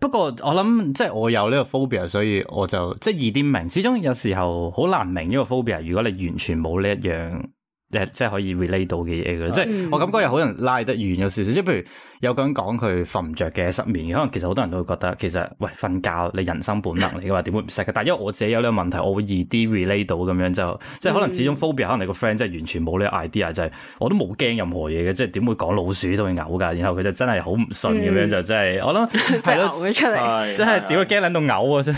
不過我諗，即係我有呢個 phobia，所以我就即係易啲明。始終有時候好難明呢個 phobia。如果你完全冇呢一樣。即係可以 relate 到嘅嘢嘅，uh, 即係我感覺又可能拉得遠咗少少，即係譬如有個人講佢瞓唔着嘅失眠嘅，可能其實好多人都會覺得，其實喂瞓覺你人生本能嚟嘅話，點會唔識嘅？但係因為我自己有呢個問題，我會易啲 relate 到咁樣就，即係可能始終 phobia，可能你個 friend 即係完全冇呢個 idea，就係我都冇驚任何嘢嘅，即係點會講老鼠都會嘔噶？然後佢就真係好唔信咁樣，就真係我諗，即係嘔咗出嚟，即係點會驚捻到嘔啊？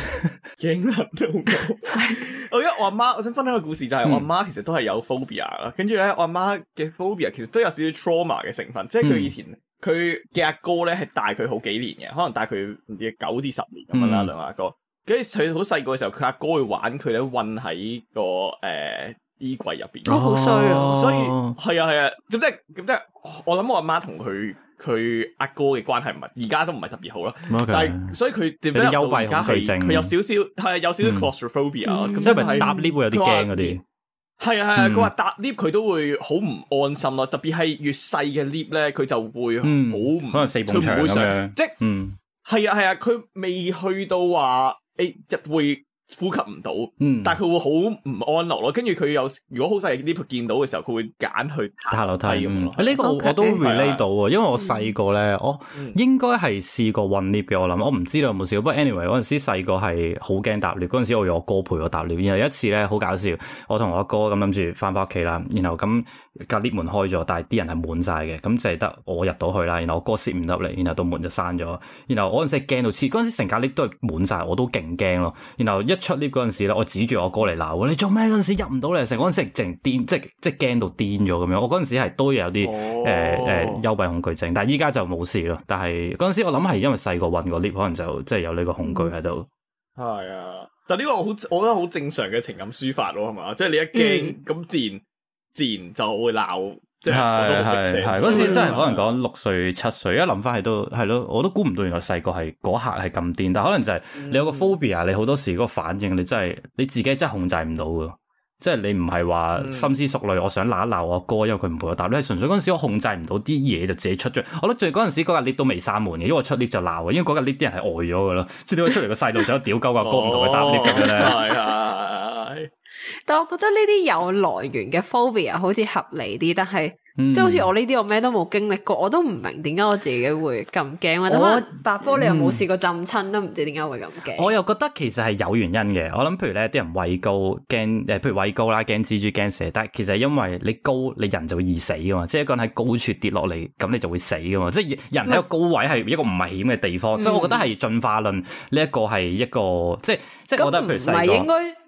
驚捻到嘔，我因為 到 我阿媽，我想分享個故事，就係、是、我阿媽其實都係有 phobia。跟住咧，我阿媽嘅 phobia 其實都有少少 trauma 嘅成分，即係佢以前佢嘅阿哥咧係大佢好幾年嘅，可能大佢唔知九至十年咁樣啦。兩個阿哥，跟住佢好細個嘅時候，佢阿哥會玩佢咧，韞喺個誒衣櫃入邊。我好衰啊！所以係啊係啊，咁即係咁即係，我諗我阿媽同佢佢阿哥嘅關係唔係而家都唔係特別好咯。但係所以佢變得到而家係佢有少少係有少少 claustrophobia，即係唔係搭 lift 會有啲驚嗰啲。係啊係啊，佢、啊嗯、話搭 lift 佢都會好唔安心咯，特別係越細嘅 lift 咧，佢就會好唔可能佢唔會上咁樣，即係、嗯，係啊係啊，佢、啊、未去到話誒一會。呼吸唔到，嗯，但係佢會好唔安樂咯。跟住佢有，如果好犀利啲見到嘅時候，佢會揀去塌樓梯咁咯。呢、嗯、個我, okay, 我都 related 到，yeah, 因為我細個咧，yeah, 我應該係試過混 n 嘅，我諗我唔知道有冇試過。不過 anyway 嗰陣時細個係好驚搭 l 嗰陣時我有我哥陪我搭 l 然後一次咧好搞笑，我同我阿哥咁諗住翻翻屋企啦，然後咁。隔 lift 門開咗，但係啲人係滿晒嘅，咁就係得我入到去啦。然後我哥攝唔得嚟，然後到門就閂咗。然後我嗰陣時驚到黐，嗰陣時成隔 lift 都係滿晒，我都勁驚咯。然後一出 lift 嗰陣時咧，我指住我哥嚟鬧我，你做咩嗰陣時入唔到嚟，成？嗰陣時成癲，即係即係驚到癲咗咁樣。我嗰陣時係都有啲誒誒幽閉恐懼症，但係依家就冇事咯。但係嗰陣時我諗係因為細個混個 lift，可能就即係有呢個恐懼喺度。係啊，但呢個好，我覺得好正常嘅情感抒發咯，係嘛？即係你一驚咁自然。自然自然就會鬧，即係嗰時真係可能講六歲七歲，一諗返起都係咯，我都估唔到原來細個係嗰刻係咁癲，但可能就係你有個 phobia，、嗯、你好多時嗰個反應你真係你自己真係控制唔到嘅，即係你唔係話深思熟慮，我想鬧一鬧我哥，因為佢唔陪我搭，你係純粹嗰時我控制唔到啲嘢，就自己出咗，我覺得最嗰陣時嗰日 lift 都未閂門嘅，因為我出 lift 就鬧，因為嗰日 lift 啲人係呆咗噶啦，即以點解出嚟個細路仔屌鳩個哥唔同佢搭 lift 咁咧？但我覺得呢啲有來源嘅 phobia 好似合理啲，但係、嗯、即係好似我呢啲我咩都冇經歷過，我都唔明點解我自己會咁驚。我,或者我白科你又冇試過浸親、嗯、都唔知點解會咁驚。我又覺得其實係有原因嘅。我諗譬如咧，啲人畏高驚誒，譬如畏高啦，驚蜘蛛驚蛇。但係其實因為你高你人就會易死噶嘛，即係一個人喺高處跌落嚟咁你就會死噶嘛。即係人喺一個高位係一個唔危險嘅地方，嗯、所以我覺得係進化論呢、呢個、一個係一個、嗯、即係即係我覺得譬如細個。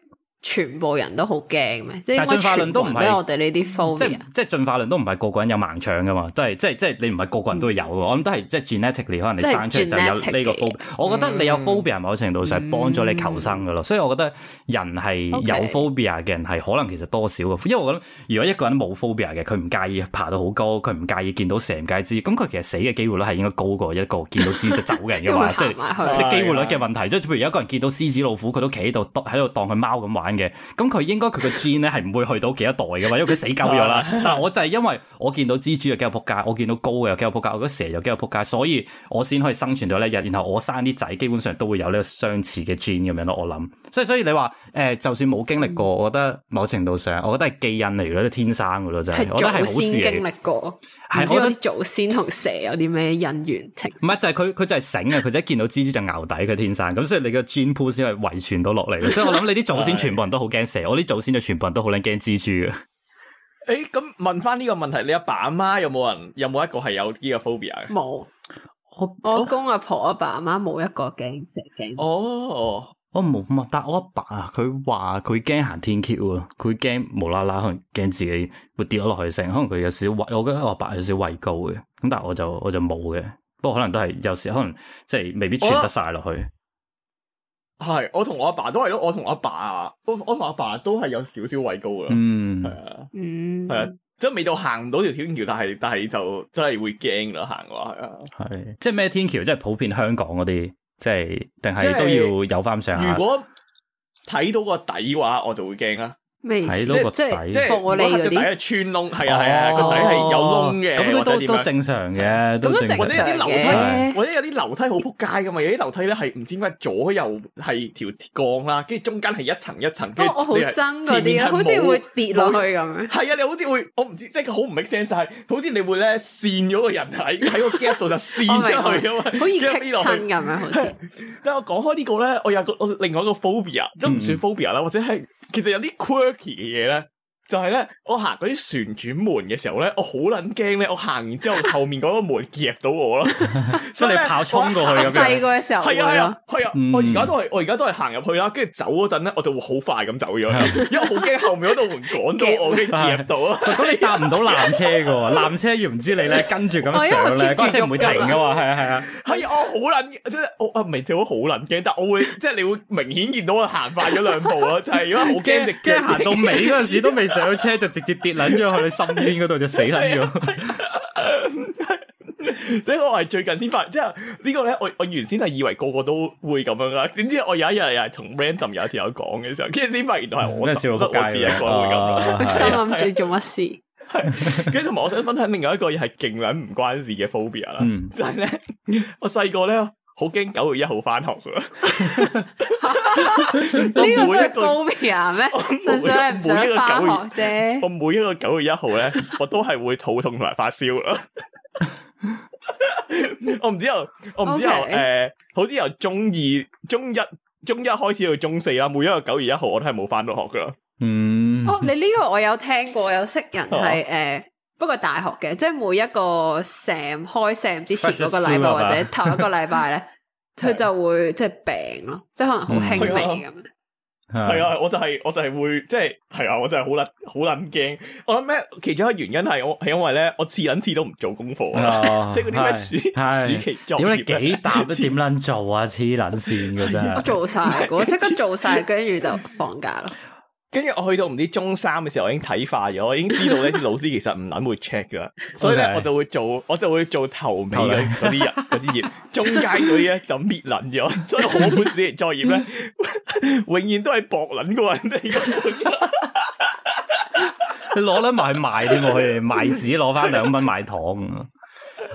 全部人都好驚嘅，即係進化論都唔係我哋呢啲 phobia 即係進化論都唔係個個人有盲腸噶嘛，都係即係即係你唔係個個人都會有，mm. 我諗都係即係 genetically 可能你生出嚟就有呢個 phobia、嗯、我覺得你有 phobia 某程度上係幫咗你求生噶咯，所以我覺得人係有 phobia 嘅人係可能其實多少嘅，Okay. 因為我覺得，如果一個人冇 phobia 嘅，佢唔介意爬到好高，佢唔介,介意見到成街知。咁佢其實死嘅機會率係應該高過一個見到知就走嘅人嘅話， 會會即係對 即係對 機會率嘅問題。即係譬如有個人見到獅子老虎，佢都企喺度當喺度當佢貓咁玩。嘅，咁佢、嗯、應該佢個 gene 咧係唔會去到幾多代噶嘛，因為佢死鳩咗啦。 但係我就係因為我見到蜘蛛又驚我仆街，我見到高嘅又驚我仆街，我覺得蛇又驚我仆街，所以我先可以生存到呢日。然後我生啲仔基本上都會有呢個相似嘅 gene 咁樣咯。我諗，所以所以你話誒、呃，就算冇經歷過，嗯、我覺得某程度上，我覺得係基因嚟嘅都天生噶咯，真係。係祖先經歷過，係我,我覺得祖先同蛇有啲咩姻緣情？唔係就係佢佢就係醒啊！佢就一見到蜘蛛就咬底，佢天生咁，所以你個 gene pool 先係遺傳到落嚟。所以我諗你啲祖先全部。 都好驚蛇，我啲祖先就全部人都好撚驚蜘蛛嘅。誒，咁問翻呢個問題，你阿爸阿媽，媽有冇人？有冇一個係有呢個 phobia？冇，有我我公阿婆阿爸阿媽冇一個驚蛇驚。哦，我冇啊，但係我阿爸啊，佢話佢驚行天橋啊，佢驚無啦啦，可能驚自己會跌咗落去成，可能佢有少少畏，我覺得我阿爸，爸有少少畏高嘅，咁但係我就我就冇嘅。不過可能都係有時可能即係未必傳得晒落去。係，我同我阿爸都係咯，我同阿爸，我我同阿爸都係有少少畏高噶，嗯，係啊，嗯，係啊，即係未到行唔到條天橋，但係但係就真係會驚咯，行嘅話係、啊，即係咩天橋，即係普遍香港嗰啲，即係定係都要有翻上下。如果睇到個底嘅話，我就會驚啦。睇到個底，我哋啲係穿窿，係啊，係啊，個底係有窿嘅，咁都都正常嘅，都正常嘅，或者有啲樓梯，或者有啲樓梯好仆街㗎嘛？有啲樓梯咧係唔知點解左右係條鋼啦，跟住中間係一層一層，我我好憎嗰啲啊，好似會跌落去咁。係啊，你好似會，我唔知，即係佢好唔 make sense 係，好似你會咧跣咗個人體喺個 gap 度就跣咗去啊嘛，好似劈親咁樣。好似，但我講開呢個咧，我有個我另外一個 phobia，都唔算 phobia 啦，或者係。其實有啲 quirky 嘅嘢咧。就係咧，我行嗰啲旋轉門嘅時候咧，我好撚驚咧，我行完之後後面嗰個門夾到我咯，所以跑衝過去咁樣。細個嘅時候係啊係啊，我而家都係，我而家都係行入去啦，跟住走嗰陣咧，我就會好快咁走咗，因為好驚後面嗰道門趕到我，驚夾到咯。咁你搭唔到纜車噶，纜車要唔知你咧跟住咁上咧，嗰陣唔會停噶嘛，係啊係啊。係我好撚即係我啊未跳到好撚驚，但我會即係你會明顯見到我行快咗兩步咯，就係如果好驚，驚行到尾嗰陣時都未。上咗車就直接跌卵咗去深淵嗰度就死卵咗。呢個我係最近先發現，即係呢個咧，我我原先係以為個個都會咁樣啦。點知我有一日又係同 random 有條友講嘅時候，跟住先發現係我，真係笑到我自日講會咁。心諗住做乜事？係，跟住同埋我想分享另外一個嘢係勁卵唔關事嘅 phobia 啦，就係咧我細個咧。好驚九月一號返學啊！呢個係高咩啊？咩？純粹係唔想返學啫。我每一個九月一號咧，我都係會肚痛同埋發燒啦。 我唔知由我唔知由誒，好似由中二、中一、中一開始到中四啦，每一個九月一號我都係冇返到學噶啦、mm。嗯，哦，你呢個我有聽過，有識人係誒。Oh. 不過大學嘅，即係每一個 sam 開 sam 之前嗰個禮拜或者頭一個禮拜咧，佢就會即係病咯，即係可能好輕微咁。係啊，我就係我就係會即係係啊，我真係好撚好撚驚。我諗咩？其中一個原因係我係因為咧，我次捻次都唔做功課啊，即係嗰啲咩暑期作業。點你幾沓都點捻做啊？黐捻線嘅啫，我做晒，我即刻做晒，跟住就放假咯。跟住我去到唔知中三嘅時候，我已經睇化咗，我已經知道呢啲老師其實唔捻會 check 噶，所以咧 Okay. 我就會做，我就會做頭尾嗰啲人啲業，中間嗰啲咧就搣捻咗，所以我本暑期作業咧， 永遠都係薄捻過人哋。嘅 攞捻埋去賣添喎，賣紙攞翻兩蚊買糖。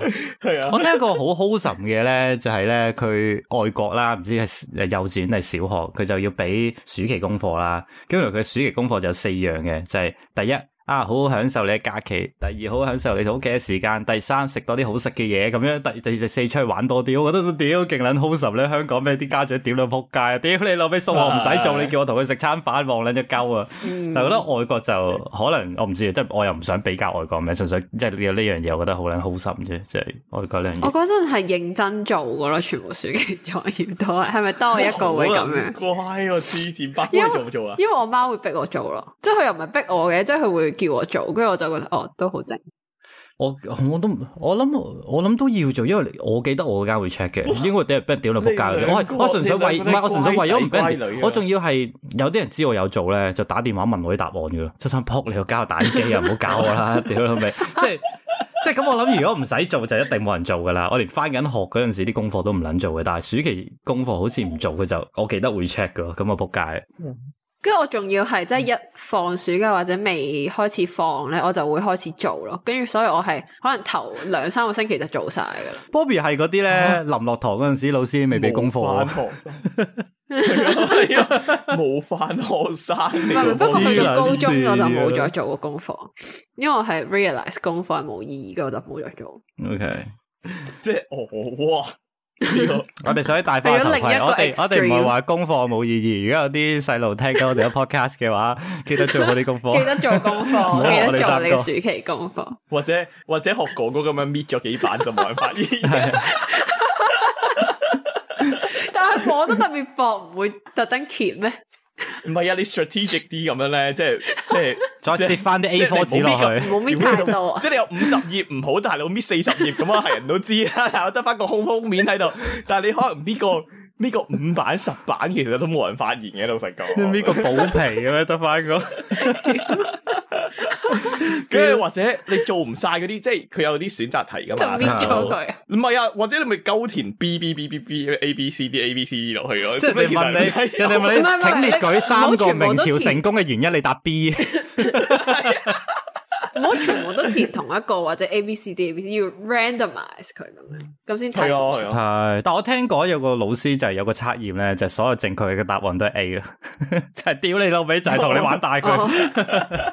我聽過好好神嘅咧，就係咧佢外國啦，唔知係幼稚園定小學，佢就要畀暑期功課啦。跟住佢暑期功課就有四樣嘅，就係第一。啊！好好享受你嘅假期，第二好享受你同屋企嘅時間，第三食多啲好食嘅嘢咁樣，第第四出去玩多啲。我覺得屌勁撚好心咧，香港咩啲家長屌你仆街，屌你老俾數學唔使做，啊、你叫我同佢食餐飯望兩隻鳩啊！嗯、但係覺得外國就可能我唔知，即係我又唔想比較外國咩，純粹即係呢樣嘢，我覺得好撚好心啫，即係外國嗰樣。我嗰陣係認真做噶咯，全部暑期作業都係咪多我一個會咁樣？怪我黐線不堪做做啊！ 因為我媽，媽會逼我做咯，即係佢又唔係逼我嘅，即係佢會。叫我做，跟住我就覺得哦，都好正。我都我都我諗我諗都要做，因為我記得我間會 check 嘅，應該第一日屌你仆街，啊。我係我純粹為唔係是我純粹為咗唔俾人，我仲要係有啲人知我有做咧，就打電話問我啲答案噶啦。出聲扑你又搞蛋打機啊，唔好 搞我啦，屌你咪即係即係咁。我諗如果唔使做就一定冇人做噶啦。我連翻緊學嗰陣時啲功課都唔捻做嘅，但係暑期功課好似唔做佢就我記得會 check 噶，咁啊仆街。 跟住我仲要係即係一放暑假或者未開始放咧，我就會開始做咯。跟住所以我係可能頭兩三個星期就做晒㗎喇。Bobby 係嗰啲咧，臨落堂嗰陣時，老師未俾功課。冇返學生嚟。不過去到高中我就冇再做過功課，因為我係 realize 功課係冇意義嘅，我就冇再做。OK，即係我。這 我哋想大翻頭係，我哋我哋唔係話功課冇意義。如果有啲細路聽緊我哋嘅 podcast 嘅話，記得做好啲功課， 記得做功課， 記得做你暑期功課， 或者或者學哥哥咁樣搣咗幾版就冇人發現。但係摸得特別薄，唔會特登揭咩？唔係啊，你 strategic 啲咁樣咧，即係即係再 set 翻啲 A4 紙落去，冇搣 太多， 即係你有五十頁唔好，但係 你搣四十頁咁啊，係人都知啊，但我得翻個空封面喺度，但係你可能搣個搣 個五版十版，版其實都冇人發現嘅，老實講，呢個補皮嘅咩，得翻個。跟住 或者你做唔晒嗰啲，即係佢有啲選擇題噶嘛，就搣咗佢。唔係啊，或者你咪勾填 B, B B B B B A B C D A B C E 落去咯。即係你問你，人哋 問你，請列舉三個明朝成功嘅原因，你答 B。 唔好 全部都填同一個或者 A B C D A B C，要 randomize 佢咁樣咁先。睇啊，係，但我聽講有個老師就係有個測驗咧，就係所有正確嘅答案都係 A 啦 ，就係屌你老尾，就係同你玩大佢。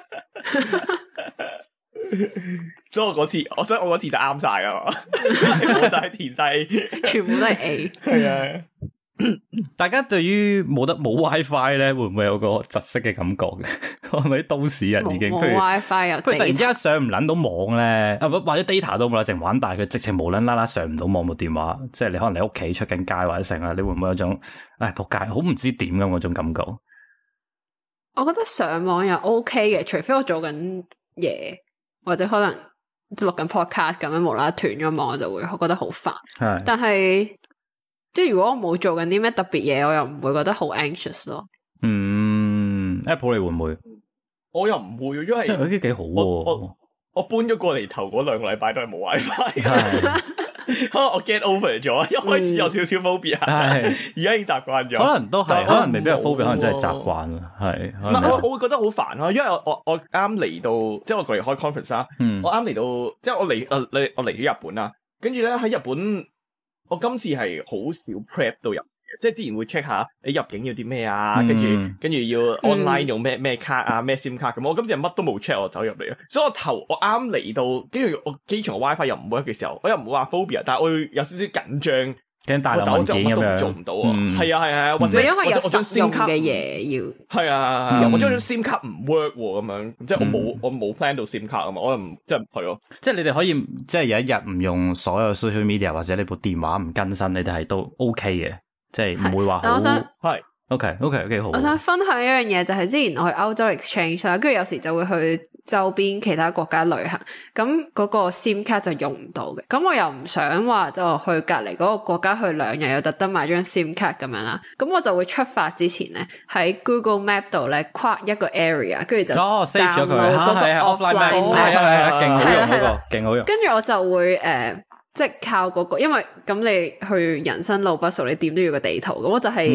所以我嗰次，我想我嗰次就啱晒啦，就係填晒 A，全部都係 A。係 啊。 大家對於冇得冇 WiFi 咧，會唔會有個窒息嘅感覺嘅？係 咪都市人已經冇 WiFi，佢突然之間上唔撚到網咧，啊或者 data 都冇啦，淨玩，但係佢直情無撚啦啦上唔到網冇電話，即係你可能你屋企出緊街或者成啊，你會唔會有種唉仆街，好、哎、唔知點咁嗰種感覺？我覺得上網又 OK 嘅，除非我做緊嘢或者可能錄緊 podcast 咁樣無啦啦斷咗網，我就會覺得好煩。的但係。即係如果我冇做緊啲咩特別嘢，我又唔會覺得好 anxious 咯。嗯，Apple 你會唔會？我又唔會，因為佢啲幾好喎。我搬咗過嚟頭嗰兩個禮拜都係冇 wifi，可能我 get over 咗。一開始有少少 phobia，而家已經習慣咗。可能都係，可能未必係 phobia，可能真係習慣咯。係唔係？我我會覺得好煩咯，因為我我我啱嚟到，即係我過嚟開 conference 啊。我啱嚟到，即係我嚟誒、嚟，我嚟咗日本啦。跟住咧喺日本。我今次係好少 prep 到入，即係之前會 check 下你、欸、入境要啲咩啊，跟住跟住要 online 用咩咩卡啊，咩 sim 卡咁。我今次乜都冇 check，我走入嚟，所以我頭我啱嚟到，跟住我機場嘅 wifi 又唔 work 嘅時候，我又唔會話 phobia，但係我會有少少緊張。驚大漏錢咁樣，做唔到啊！係、嗯、啊係啊，或者因為有實用嘅嘢要，係啊，啊啊嗯、我將張 SIM 卡唔 work 咁、啊、樣，即係我冇、嗯、我冇 plan 到 SIM 卡啊嘛，我又唔、啊、即係係咯，即係你哋可以即係有一日唔用所有 social media 或者你部電話唔更新，你哋係都 OK 嘅，即係唔會話好係。OK OK OK 好、okay。我想分享一樣嘢就係、是、之前我去歐洲 exchange 啦，跟住有時就會去周邊其他國家旅行，咁嗰個 SIM 卡就用唔到嘅。咁我又唔想話就去隔籬嗰個國家去兩日又特登買張 SIM 卡咁樣啦。咁我就會出發之前咧喺 Google Map 度咧跨一個 area，跟住就哦 save 咗佢，嗰個 offline map 係係勁好用嗰個勁好用。跟住、 啊那個、我就會誒。呃即係靠嗰個，因為咁你去人生路不熟，你點都要個地圖。咁我就係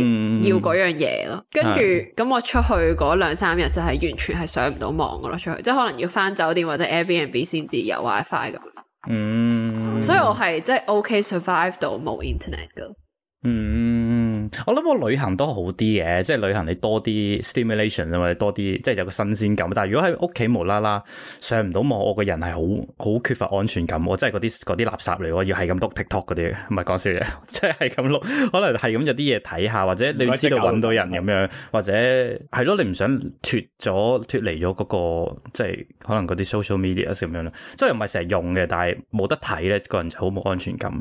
要嗰樣嘢咯。跟住咁我出去嗰兩三日就係完全係上唔到網噶咯，出去即係可能要返酒店或者 Airbnb 先至有 WiFi 咁。嗯，所以我係即係 OK survive 到冇 internet 噶。嗯。我諗我旅行都好啲嘅，即係旅行你多啲 stimulation，或者多啲即係有個新鮮感。但係如果喺屋企無啦啦上唔到網，我個人係好好缺乏安全感。我真係嗰啲啲垃圾嚟，要係咁督 TikTok 嗰啲，唔係講笑嘢，即係咁碌，可能係咁有啲嘢睇下，或者你知道揾到人咁樣，狗狗或者係咯，你唔想脱咗脱離咗嗰個，即係可能嗰啲 social media 咁樣咯。即係唔係成日用嘅，但係冇得睇咧，個人就好冇安全感。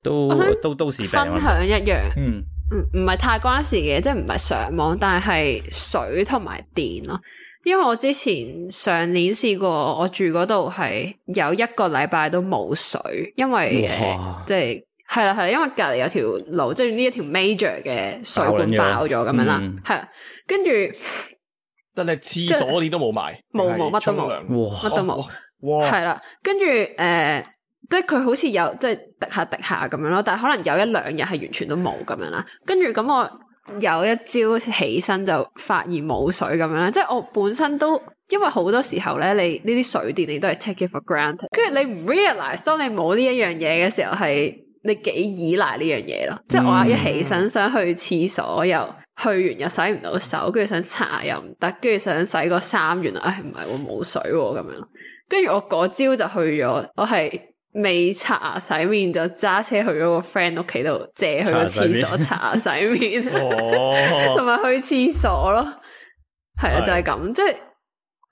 都我想 都都是分享一樣，嗯。嗯唔唔係太關事嘅，即係唔係上網，但係水同埋電咯。因為我之前上年試過，我住嗰度係有一個禮拜都冇水，因為哇 即係係啦係啦，因為隔籬有條路，即係呢一條 major 嘅水管爆咗咁，嗯、樣啦，係跟住但係廁所嗰啲都冇埋，冇冇乜都冇，乜都冇，係啦哇 哇，跟住誒。即係佢好似有即係滴下滴下咁樣咯，但係可能有一兩日係完全都冇咁樣啦。跟住咁我有一朝起身就發現冇水咁樣啦。即係我本身都因為好多時候咧，你呢啲水電你都係 take it for granted。跟住你唔 realize，當你冇呢一樣嘢嘅時候，係你幾依賴呢樣嘢咯。即係我一起身想去廁所，又去完又洗唔到手，跟住想擦又唔得，跟住想洗個衫，原來唉唔係我冇水咁樣。跟住我嗰朝就去咗，我係。未刷牙洗面就揸車去咗個 friend 屋企度借去個廁所刷牙洗面，同埋洗 去廁所咯，係、哦、啊就係、是、咁的即係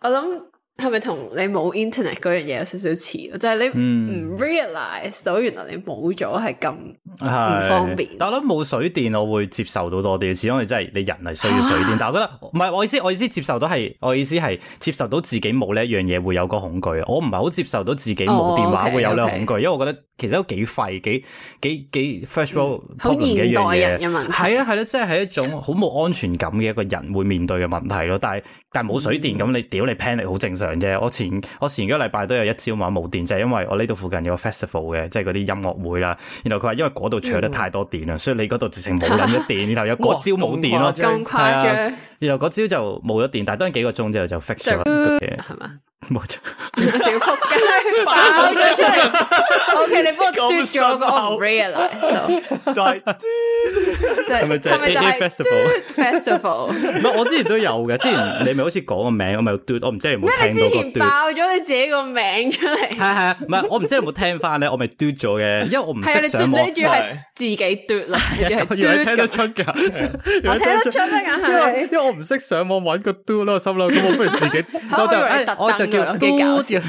我諗。係咪同你冇 internet 嗰樣嘢有少少似？就係、是、你唔 realize 到原來你冇咗係咁唔方便。但我諗冇水電我會接受到多啲，始終係真係你人係需要水電。啊、但係我覺得唔係我意思，我意思接受到係我意思係接受到自己冇呢一樣嘢會有個恐懼。我唔係好接受到自己冇電話會有呢個恐懼，哦、okay, okay. 因為我覺得其實都幾廢，幾幾幾 freshbo 好現代人嘅嘢、嗯。係啊係啊，即係、 就是、一種好冇安全感嘅 一個人會面對嘅問題咯。但係。但係冇水電咁，嗯、你屌你 panic 好正常啫。我前我前一個禮拜都有一朝晚冇電，就係、因為我呢度附近有個 festival 嘅，即係嗰啲音樂會啦。然後佢話因為嗰度搶得太多電啊，嗯、所以你嗰度直情冇咗電。然後有嗰朝冇電咯，咁快啊。然後嗰朝就冇咗電，但係當然幾個鐘之後就 fix 咗嗰啲就嘢。就冇錯，小撲街爆咗出嚟。OK，你幫我嘟咗個 on real 嚟，就係咪就係 festival festival？唔係，我之前都有嘅。之前你咪好似講個名，我咪嘟，我唔知你有冇聽到個嘟？你之前爆咗你自己個名出嚟，係係啊，唔係我唔知你有冇聽翻咧，我咪嘟咗嘅，因為我唔係啊，你嘟唔係要係自己嘟啦，要係聽得出噶，要係聽得出咩硬係？因為我唔識上網搵個嘟啦，心諗咁我不如自己，我就誒，我就。幾搞笑，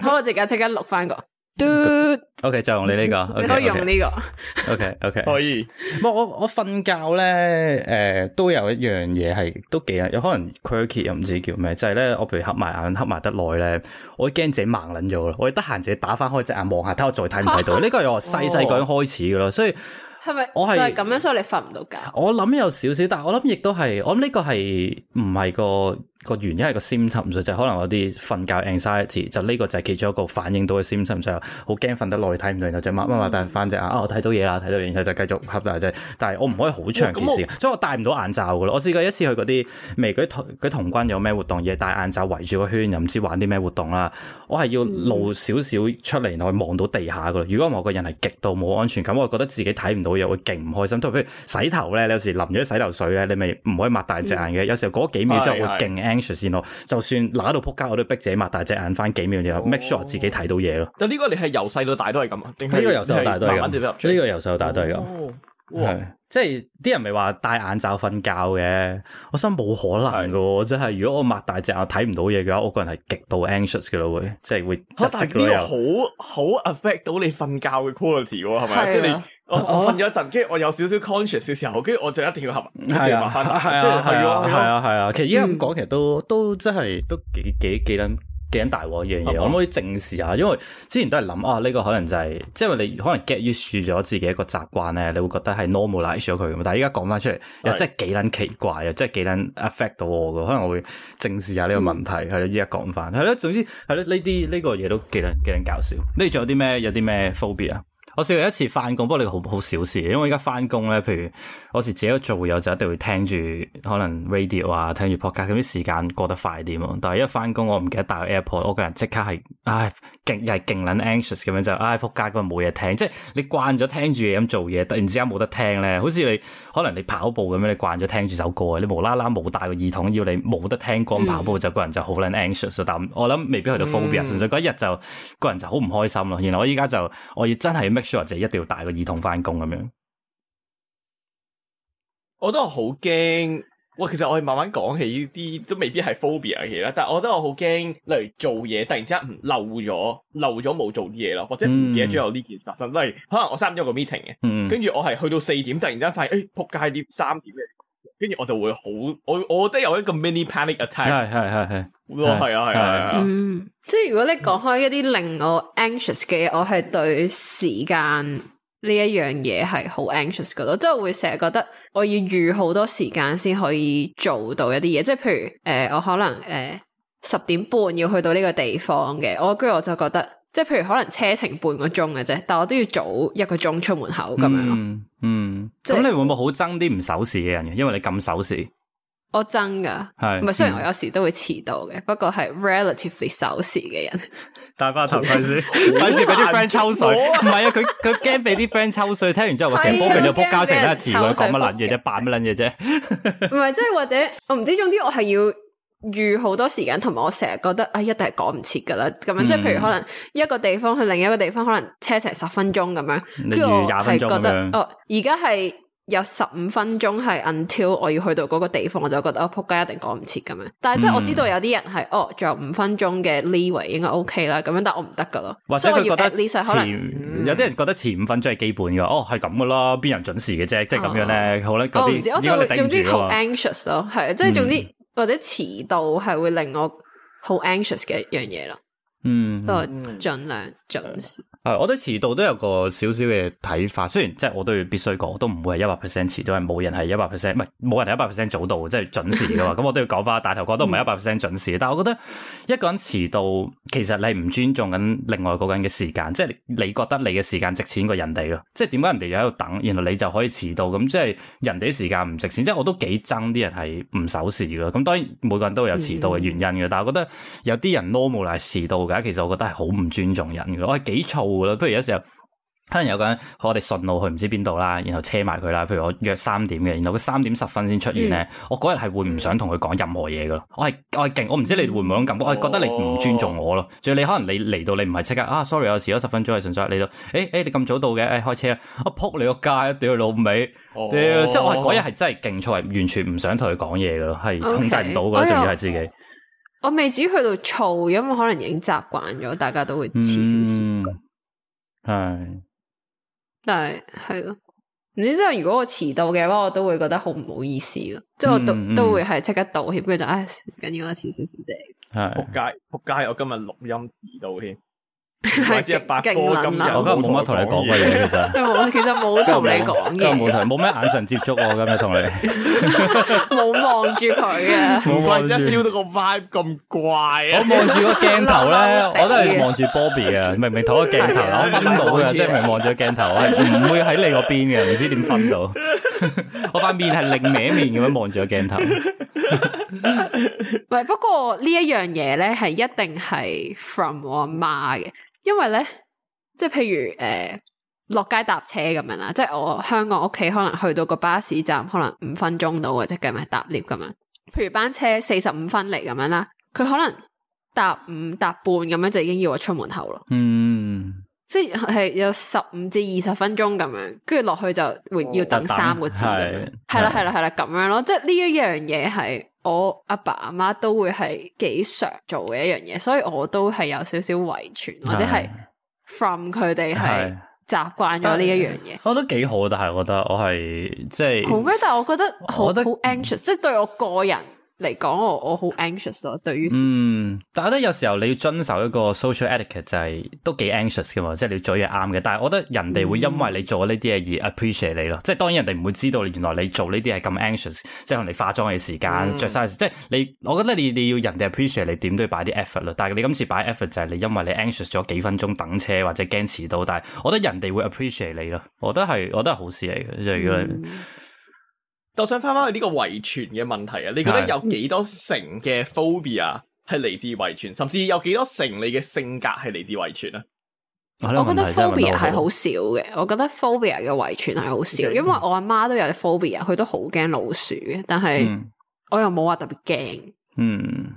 好我即刻即刻錄翻個 do，OK 就用你呢、這個，可以用呢個，OK OK, okay 可以。唔，我我瞓覺咧，誒、呃、都有一樣嘢係都幾有可能 quirky 又唔知叫咩，就係、是、咧我譬如合埋眼，合埋得耐咧，我驚自己盲捻咗咯。我得閒就打翻開隻眼望下，睇我再睇唔睇到。呢個又係我細細咁樣開始噶咯，所以係咪我係咁樣，是所以你瞓唔到覺？我諗有少少，但係我諗亦都係，我諗呢個係唔係個。個原因係個 symptoms，就可能我啲瞓覺 anxiety，就呢個就係其中一個反映到嘅 symptoms，就係好驚瞓得耐睇唔到嘢，就擘擘擘大翻隻眼，嗯、啊我睇到嘢啦，睇到嘢，然後就繼續合大隻，但係我唔可以好長嘅時間，欸欸、所以我戴唔到眼罩噶咯。我試過一次去嗰啲未嗰啲童嗰啲童軍有咩活動嘢，戴眼罩圍住個圈，又唔知玩啲咩活動啦。我係要露少少出嚟，我望到地下噶。如果唔係，我個人係極度冇安全感，我覺得自己睇唔到嘢，會勁唔開心。都譬如洗頭咧，你有時淋咗啲洗頭水咧，你咪唔可以擘大隻眼嘅。嗯、有時候嗰幾秒之後會勁先咯，就算揦到仆街，我都逼自己擘大隻眼翻幾秒嘢，make sure 自己睇到嘢咯、哦。但呢個你係由細到大都係咁啊，定係呢個由細到大都係咁？呢、哦、個由細到大都係咁。哦即係啲人咪話戴眼罩瞓覺嘅，我心冇可能嘅，真係。如果我擘大隻眼睇唔到嘢嘅話，我個人係極度 anxious 嘅咯，會即係會窒息咁樣。好好 affect 到你瞓覺嘅 quality 係咪？即係你我瞓咗一陣，跟住我有少少 conscious 嘅時候，跟住我就一定要合，即係麻即係係啊係啊係啊！其實依家咁講，其實都都真係都幾幾幾捻。幾大鑊一樣嘢可唔可以正視下？因為之前都係諗啊，呢、呢個可能就係、是，即係你可能 get used to 咗自己一個習慣咧，你會覺得係 normalize 咗佢。但係依家講翻出嚟，又真係幾捻奇怪啊！是又真係幾捻 affect 到我噶，可能我會正視下呢個問題。係咯、嗯，依家講翻，係咯，總之係咯，呢啲呢個嘢都幾捻幾捻搞笑。你仲有啲咩？有啲咩 phobia 啊？我試過一次翻工，不過你好好小事，因為而家翻工咧，譬如。嗰時自己做有就一定會聽住可能 radio 啊，聽住 podcast 咁啲時間過得快啲啊！但係一翻工，我唔記得帶個 AirPod 我個人即刻係唉勁又係勁撚 anxious 咁樣就唉仆街冇嘢聽，即係你慣咗聽住嘢咁做嘢，突然之間冇得聽咧，好似你可能你跑步咁樣，你慣咗聽住首歌啊，你無啦啦冇帶個耳筒，要你冇得聽歌跑步就，嗯、就個人就好撚 anxious。但我諗未必去到 phobia、嗯、純粹嗰一日就個人就好唔開心咯。然後我而家就我真要真係 make sure 自己一定要帶個耳筒翻工咁樣。我都係好驚，我其實我係慢慢講起呢啲都未必係 phobia 嘅嘢啦，但係我覺得我好驚，例如做嘢突然之間漏咗漏咗冇做啲嘢咯，或者唔記得咗有呢件發生，嗯、例如可能我三點有個 meeting 嘅、嗯，跟住我係去到四點，突然之間發現誒仆街啲三點嘅，跟住我就會好，我我覺得有一個 mini panic attack，係係係係，係啊係啊係啊，嗯，即係如果你講開一啲令我 anxious 嘅，我係對時間。呢一樣嘢係好 anxious 噶咯，即係會成日覺得我要預好多時間先可以做到一啲嘢，即係譬如誒、呃，我可能誒、呃、十點半要去到呢個地方嘅，我跟住我就覺得，即係譬如可能車程半個鐘嘅啫，但我都要早一個鐘出門口咁樣咯、嗯。嗯，咁即你會唔會好憎啲唔守時嘅人？因為你咁守時。我真噶，係唔係？雖然我有時都會遲到嘅，不過係 relatively 守時嘅人。戴翻頭盔先，有時俾啲 friend 抽水，唔係啊！佢佢驚俾啲 friend 抽水，聽完之後我驚波平就扑街成一次，講乜捻嘢啫，扮乜捻嘢啫。唔係，即係或者我唔知，總之我係要預好多時間，同埋我成日覺得，哎，一定係趕唔切噶啦。咁樣即係，譬如可能一個地方去另一個地方，可能車成十分鐘咁樣，跟住廿分鐘咁樣。哦，而家係。有十五分鐘係 until 我要去到嗰個地方，我就覺得我仆街一定趕唔切咁樣。但係即係我知道有啲人係哦，仲有五分鐘嘅 leeway 應該 OK 啦，咁樣，但我唔得噶咯。或者佢覺得能。有啲人覺得前五分鐘係基本噶，哦係咁噶咯，邊人準時嘅啫，即係咁樣咧，好啦，嗰啲。我唔知，我就總之好 anxious 咯，係即係總之或者遲到係會令我好 anxious 嘅一樣嘢咯。嗯，都盡量準時。對我覺得遲到都有個少少嘅睇法。雖然即係我都要必須講，都唔會係一百 percent 遲到，係冇人係一百 percent，唔係冇人係一百 percent 早到，即係準時嘅嘛。咁我都要講翻大頭哥都唔係一百 percent 準時。但係我覺得一個人遲到，其實你唔尊重緊另外嗰個人嘅時間。即係你覺得你嘅時間值錢過人哋咯。即係點解人哋又喺度等，然後你就可以遲到咁？即係人哋啲時間唔值錢。即係我都幾憎啲人係唔守時咯。咁當然每個人都會有遲到嘅原因嘅，嗯、但係我覺得有啲人 no r m 無賴遲到嘅，其實我覺得係好唔尊重人嘅。我係幾躁。不如有時候可能有個人我哋順路去唔知邊度啦，然後車埋佢啦。譬如我約三點嘅，然後佢三點十分先出現咧、嗯，我嗰日係會唔想同佢講任何嘢嘅咯。我係我係勁，我唔知你會唔會咁，嗯、我係覺得你唔尊重我咯。仲要、哦、你可能你嚟到你唔係即刻啊，sorry，我遲咗十分鐘係純粹嚟到。哎哎，你咁早到嘅，哎開車，我撲你個街，屌老味，屌！哦嗯、即係我嗰日係真係勁躁，完全唔想同佢講嘢嘅咯，係控制唔到嘅，仲 Okay, 要係有自己。我未至於去到躁，因為可能已經習慣咗，大家都會遲少少。係，但係係咯，唔知即係如果我遲到嘅話，我都會覺得好唔好意思咯，即係我都、嗯嗯、都會係即刻道歉跟住就，唉、唔、哎、緊要啦，少少少啫。係仆街，仆街的，我今日錄音遲到添。係極勁啦！我今日冇乜同你講過嘢，其實冇，其實冇同你講嘢，冇同，冇咩眼神接觸，我今日同你冇望住佢嘅，怪得 feel 到個 vibe 咁怪。我望住個鏡頭咧，我都係望住 Bobby 嘅，明明睇個鏡頭，我分到嘅，即係唔係望住鏡頭，我係唔會喺你個邊嘅，唔知點分到。我塊面係擰歪面咁樣望住個鏡頭。唔係，不過呢一樣嘢咧，係一定係 from 我阿媽嘅。因為咧，即係譬如誒，落、呃、街搭車咁樣啦，即係我香港屋企可能去到個巴士站，可能五分鐘到嘅啫，咁樣搭 lift 咁樣。譬如班車四十五分嚟咁樣啦，佢可能搭五搭半咁樣就已經要我出門口咯。嗯，即係有十五至二十分鐘咁樣，跟住落去就會要等三個字。係、嗯、係、嗯嗯嗯、啦，係啦，係啦，咁樣咯。即係呢一樣嘢係我阿爸阿媽都會係幾常做嘅一樣嘢，所以我都係有少少遺傳，或者係 from 佢哋係習慣咗呢一樣嘢。我覺得幾好，但係我覺得我係即係好咩？但係我覺得好，我覺得好 anxious，即係對我個人。嚟講我我好 anxious 咯，對於嗯，但係我覺得有時候你要遵守一個 social etiquette 就係、是、都幾 anxious 嘅嘛，即係你做嘢啱嘅。但係我覺得人哋會因為你做呢啲嘢而 appreciate 你咯，嗯、即係當然人哋唔會知道你原來你做呢啲係咁 anxious，即係同你化妝嘅時間着晒，嗯。即係你我覺得你你要人哋 appreciate 你點都要擺啲 effort 咯。但係你今次擺 effort 就係你因為你 anxious 咗幾分鐘等車或者驚遲到，但係我覺得人哋會 appreciate 你咯。我覺得係，我覺得係好事嚟嘅，就係如果你。就想翻翻去呢個遺傳嘅問題啊，你覺得有幾多成嘅 phobia 係嚟自遺傳，甚至有幾多成你嘅性格係嚟自遺傳啊？我覺得 phobia 係好少嘅，我覺得 phobia 嘅遺傳係好少，因為我阿媽都有啲 phobia，佢都好驚老鼠嘅，但係我又冇話特別驚。嗯，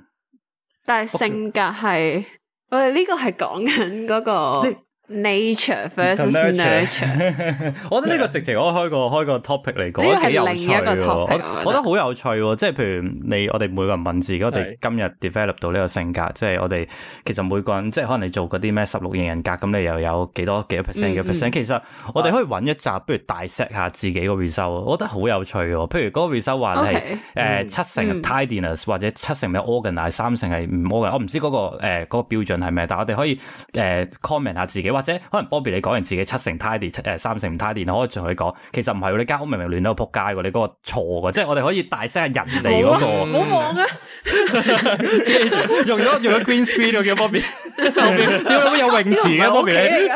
但係性格係，我哋呢個係講緊嗰個。Nature versus nurture， 我覺得呢個直情我開個開 topic Yeah. 個 topic 嚟講幾有趣喎，我覺得好有趣喎。即係譬如你我哋每個人問自己：「我哋今日 develop 到呢個性格，是即係我哋其實每個人即係可能你做嗰啲咩十六型人格，咁你又有幾多幾多 percent 嘅 percent。多 mm，其實我哋可以揾一集不如大 set 下自己個 result，我覺得好有趣喎。譬如嗰個 result, Okay , uh, 話你係七成 tidiness 或者七成咩 organize，三成係唔 organize，我、那個。我唔知嗰個誒嗰個標準係咩，但係我哋可以誒 comment 下自己或者可能 Bobby 你講完自己七成 tidy，誒三成唔 tidy，我可以同佢講，其實唔係喎，你間屋明明亂到仆街喎，你嗰個錯嘅，即係我哋可以大聲人哋、那、嗰個，唔好忘啊！嗯、忘 用咗用咗 green screen 嘅 Bobby，要你屋有，有泳池嘅 Bobby，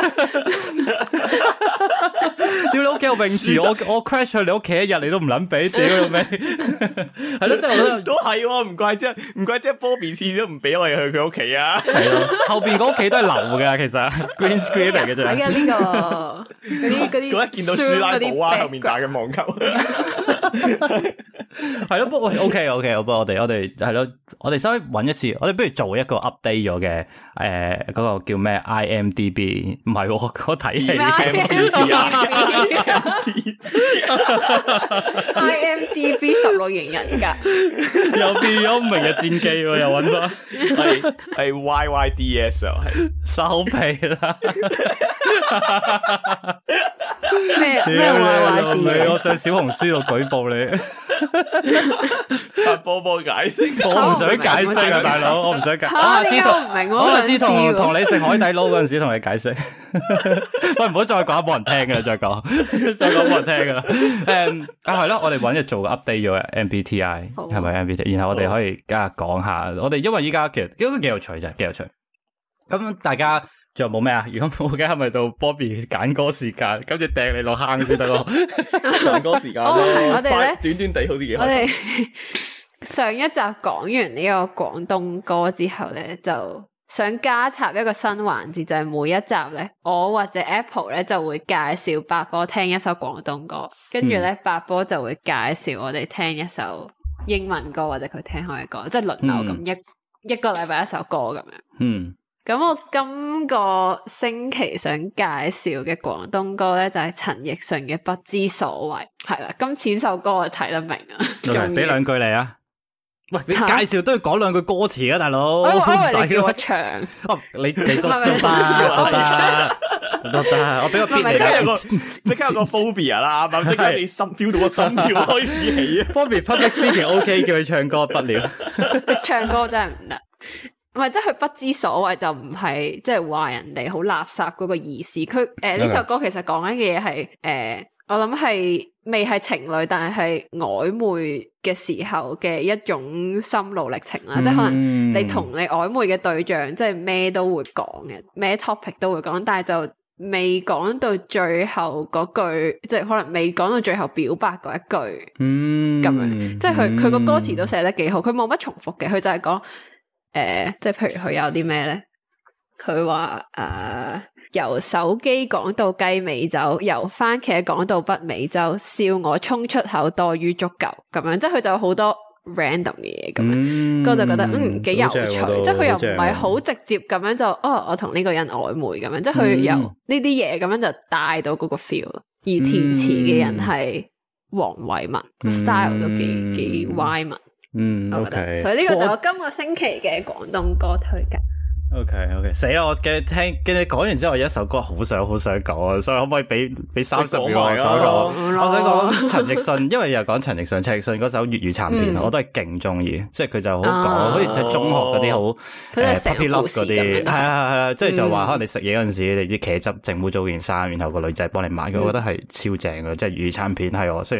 要你屋企 有泳池，屈 我我 crash 去你屋企一日，你都唔捻俾，屌你，係 咯，即、就、係、是、我覺得都係，唔怪之，唔怪之，Bobby 次次都唔俾我去佢屋企啊，後邊個屋企都係流嘅，其實。佢嚟嘅啫，係啊呢個嗰啲啲，一見到樹乸好啊， 圖後面打緊網球，係咯。不過我 OK OK，不過我哋我哋係咯，我哋稍微揾一次，我哋不如做一個 update 咗嘅。誒，嗰個叫咩？IMDB 唔係，我睇戲嘅 IMDB，IMDB 十六型人格，又變咗唔明嘅戰機，又搵到，係係 YYDS，又係，收皮啦！咩咩話題？我上小紅書度舉報你，播播解釋，我唔想解釋啊，大佬，我唔想解。我知道唔明。同同你食海底撈嗰陣時，同你解釋， 喂唔好再講，冇人聽噶，再講，再講冇人聽噶。誒、um, 啊，啊係咯，我哋搵嘢做 update 咗 MBTI，係咪 MBTI？然後我哋可以加下講下，好我哋因為依家其實都幾有趣啫，幾有趣。咁大家仲有冇咩啊？如果冇嘅，係咪到 Bobby 揀歌時間，跟住掟你落坑先得咯？揀 歌時間咯，快、 哦，短短地好似我哋上一集講完呢個廣東歌之後咧，就。想加插一個新環節，就係、是、每一集咧，我或者 Apple 咧就會介紹八波聽一首廣東歌，跟住咧八波就會介紹我哋聽一首英文歌或者佢聽開嘅歌，即係輪流咁一、嗯、一個禮拜一首歌咁樣。嗯，咁我今個星期想介紹嘅廣東歌咧就係、是、陳奕迅嘅不知所謂，係啦，今次首歌我睇得明啊，俾對 演兩句嚟啊。喂，你介紹都要講兩句歌詞啊，大佬。我唔係叫我唱。哦，你你都得得得得，我俾個邊。即係有個即刻有個 phobia 啦，係咪？即係你心 feel 到個心跳開始起。phobia public speaking OK，叫佢唱歌不了。唱歌真係唔得。唔係，即係佢不知所謂，就唔係即係話人哋好垃圾嗰個意思。佢誒呢首歌其實講緊嘅嘢係誒。我諗係未係情侶，但係曖昧嘅時候嘅一種心路歷程啦，嗯、即係可能你同你曖昧嘅對象，即係咩都會講嘅，咩 topic 都會講，但係就未講到最後嗰句，即係可能未講到最後表白嗰一句，嗯、咁樣，即係佢佢個歌詞都寫得幾好，佢冇乜重複嘅，佢就係講，誒、呃，即係譬如佢有啲咩咧，佢話誒。呃由手機講到雞尾酒，由番茄講到北美洲，笑我衝出口多於足夠咁樣，即係佢就好多 random 嘅嘢咁、嗯、樣，嗰就覺得嗯幾有趣，即係佢又唔係好直接咁樣就哦，我同呢個人曖昧咁樣，即係佢由呢啲嘢咁樣就帶到嗰個 feel、嗯、而填詞嘅人係黃偉文，個、嗯、style 都幾幾歪文，嗯，okay。我覺得， 所以呢個就我今個星期嘅廣東歌推介。O K O K，死啦！我記得你聽，記得你講完之後，我有一首歌好想好想講啊，所以可唔可以俾俾三十秒我講講？我想講陳奕迅，因為又講陳奕迅，陳奕迅嗰首粵語殘片，我都係勁中意，即係佢就好講，好似就中學嗰啲好誒，Puppy Love 嗰啲，係啊係啊，即係就話可能你食嘢嗰陣時，你啲茄汁整污糟件衫，然後個女仔幫你抹，我覺得係超正嘅，即係粵語殘片係我雖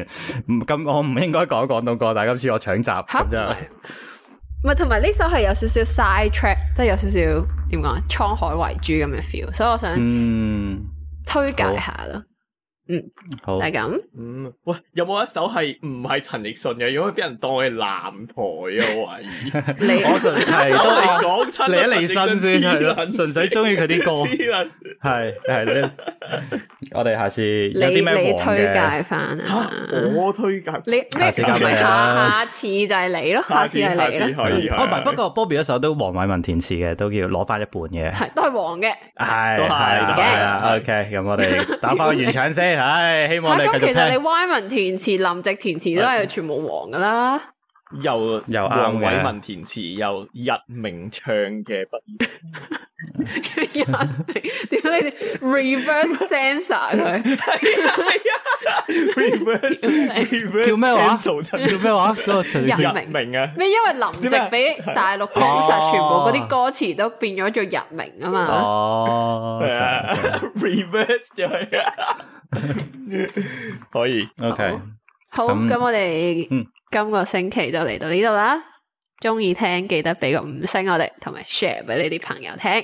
然咁我唔應該講廣東歌，但係今次我搶閘咁就。唔係，同埋呢首係有少少 side track，即係有少少點講啊，滄海遺珠咁嘅 feel，所以我想推介下咯。嗯，好係咁。就嗯，喂，有冇一首係唔係陳奕迅嘅？如果俾人當佢係男台啊，懷疑。你講陳奕迅先係咯，純粹中意佢啲歌。係係。我哋下次有啲咩黃嘅？你推介翻啊。嚇，我推介你咩？下下次就係你咯，下次係你咯。哦，唔係，不過 Bobby 嗰首都黃偉文填詞嘅，都叫攞翻一半嘅，都係黃嘅。係，都係嘅。OK，咁我哋打翻個原唱先唉，希望。咁其實你偉文填詞，林夕填詞都係全部黃噶啦。又又黃偉文填詞，又日明唱嘅不。叫 日明，點解你哋 reverse s e n 命 s o r 佢？係啊，叫咩話？叫咩 話？嗰個日明日明啊，咩？因為林夕俾大陸封殺，全部嗰啲歌詞都變咗做日明啊嘛。哦，r e v e r s e 就係，可以。OK，好，咁、嗯、我哋今個星期就嚟到呢度啦。中意聽記得俾個五星我哋，同埋 share 俾你啲朋友聽。